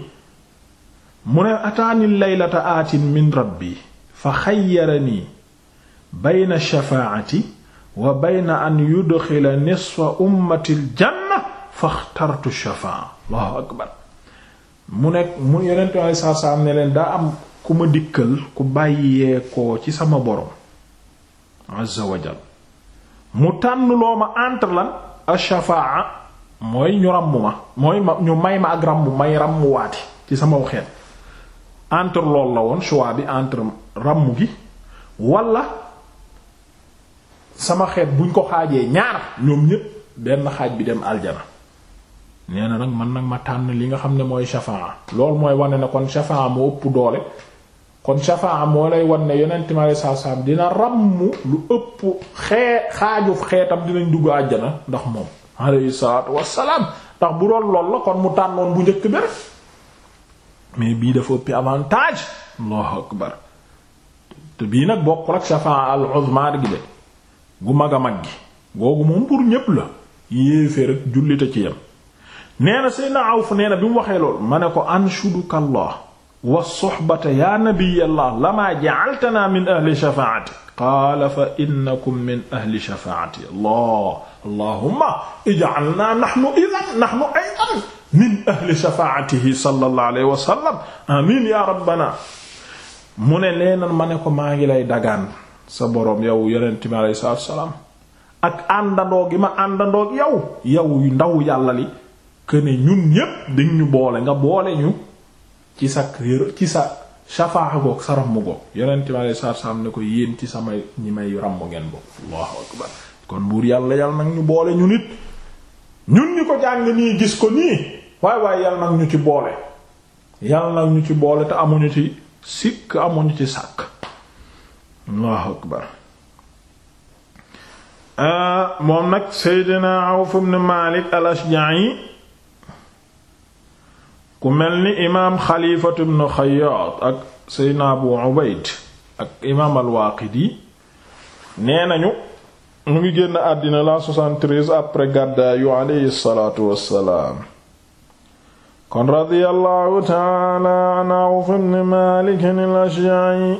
mu ne ataani laylata aatin min rabbi fa xayyaranii bayna shafaa'ati wa bayna an yudxila nisfa ummati aljanna fa xtartu shafaa'a allahu mu nekk mu yonent ay saa saa am ne leen daa am ku ma dikkal ku bàyyeekoo ci sama borom azza wa mu tànn ma entre lan ashafaa'a mooy ñu ràmm ma mooy ma ñu may ma ak ràmm may ràmm waati ci sama xeet entre lool la woon choix bi entre ràmm gi wala sama xeet buñ ko xaajee ñaar ñoom ñépp benn xaaj bi dem aljana nee na nag man nag ma tànn li nga xam ne mooy shafaa loolu mooy wane ne kon shafaa moo ëpp doole kon shafaa moo lay wan ne yonent mi alayhi salaam dina ràmm lu ëpp xee xaaju xeetam dinañ dugg àjjana ndax moom alayhi salaatu wassalaam ndax bu doon lool la kon mu tànnoon bu njëkk bi mais bii dafa ëppi avantage allahu akbar te bii nag bokkul ak shafaa al uzma gi de gu mag a mag gi googu moom pour ñépp la yéefee rek jullite ci yem nee na Seydina Awf nee na bi mu waxee lool ma ne ko anshudukallah wa soxbata yaa nabiyallah lama ja'altana min ahli shafaati qaala fa innakum min ahli shafaati allahumma ij'alna nahnu idhan nahnu aydan min ahli shafaatihi sallallahu alayhi wa sallam amin ya ne leenan ma ne ko maa ngi lay dagaan sa boroom yow yow yow ndaw yàlla li que ne ñun ñépp dañ ñu boole nga boole ñu ci sa réer ci sa shafaaxa goog sa ramm goog ci ma lay saar-saam ne ko yéen ci samay ñi may ramm ngeen bopp allahu akbar kon buur yàlla yàlla nag ñu boole ñu nit ñun ñi ko jàng nii gis ko nii waaye waaye yàlla nag ñu ci boole yàlla nag ñu ci boole te amuñu ci sikk amuñu ci sàkk allahu akbar ah, moom nag seydina Awf ibn Malik al yi ku mel ni imaam xalifatu ibn xayaat ak seydna abu ubayd ak imaam al-Waaqidi nee nañu mu ngi génn àddina la 73 après gàddaayu aleyhi salaatu wassalaam kon radiyallahu ta'ala an Awf ibn Maalik al-Ashja'i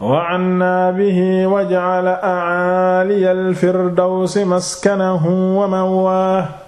wa anna bihi wa ja'ala a'aaliya al-firdawsi maskanahu wa mawaahu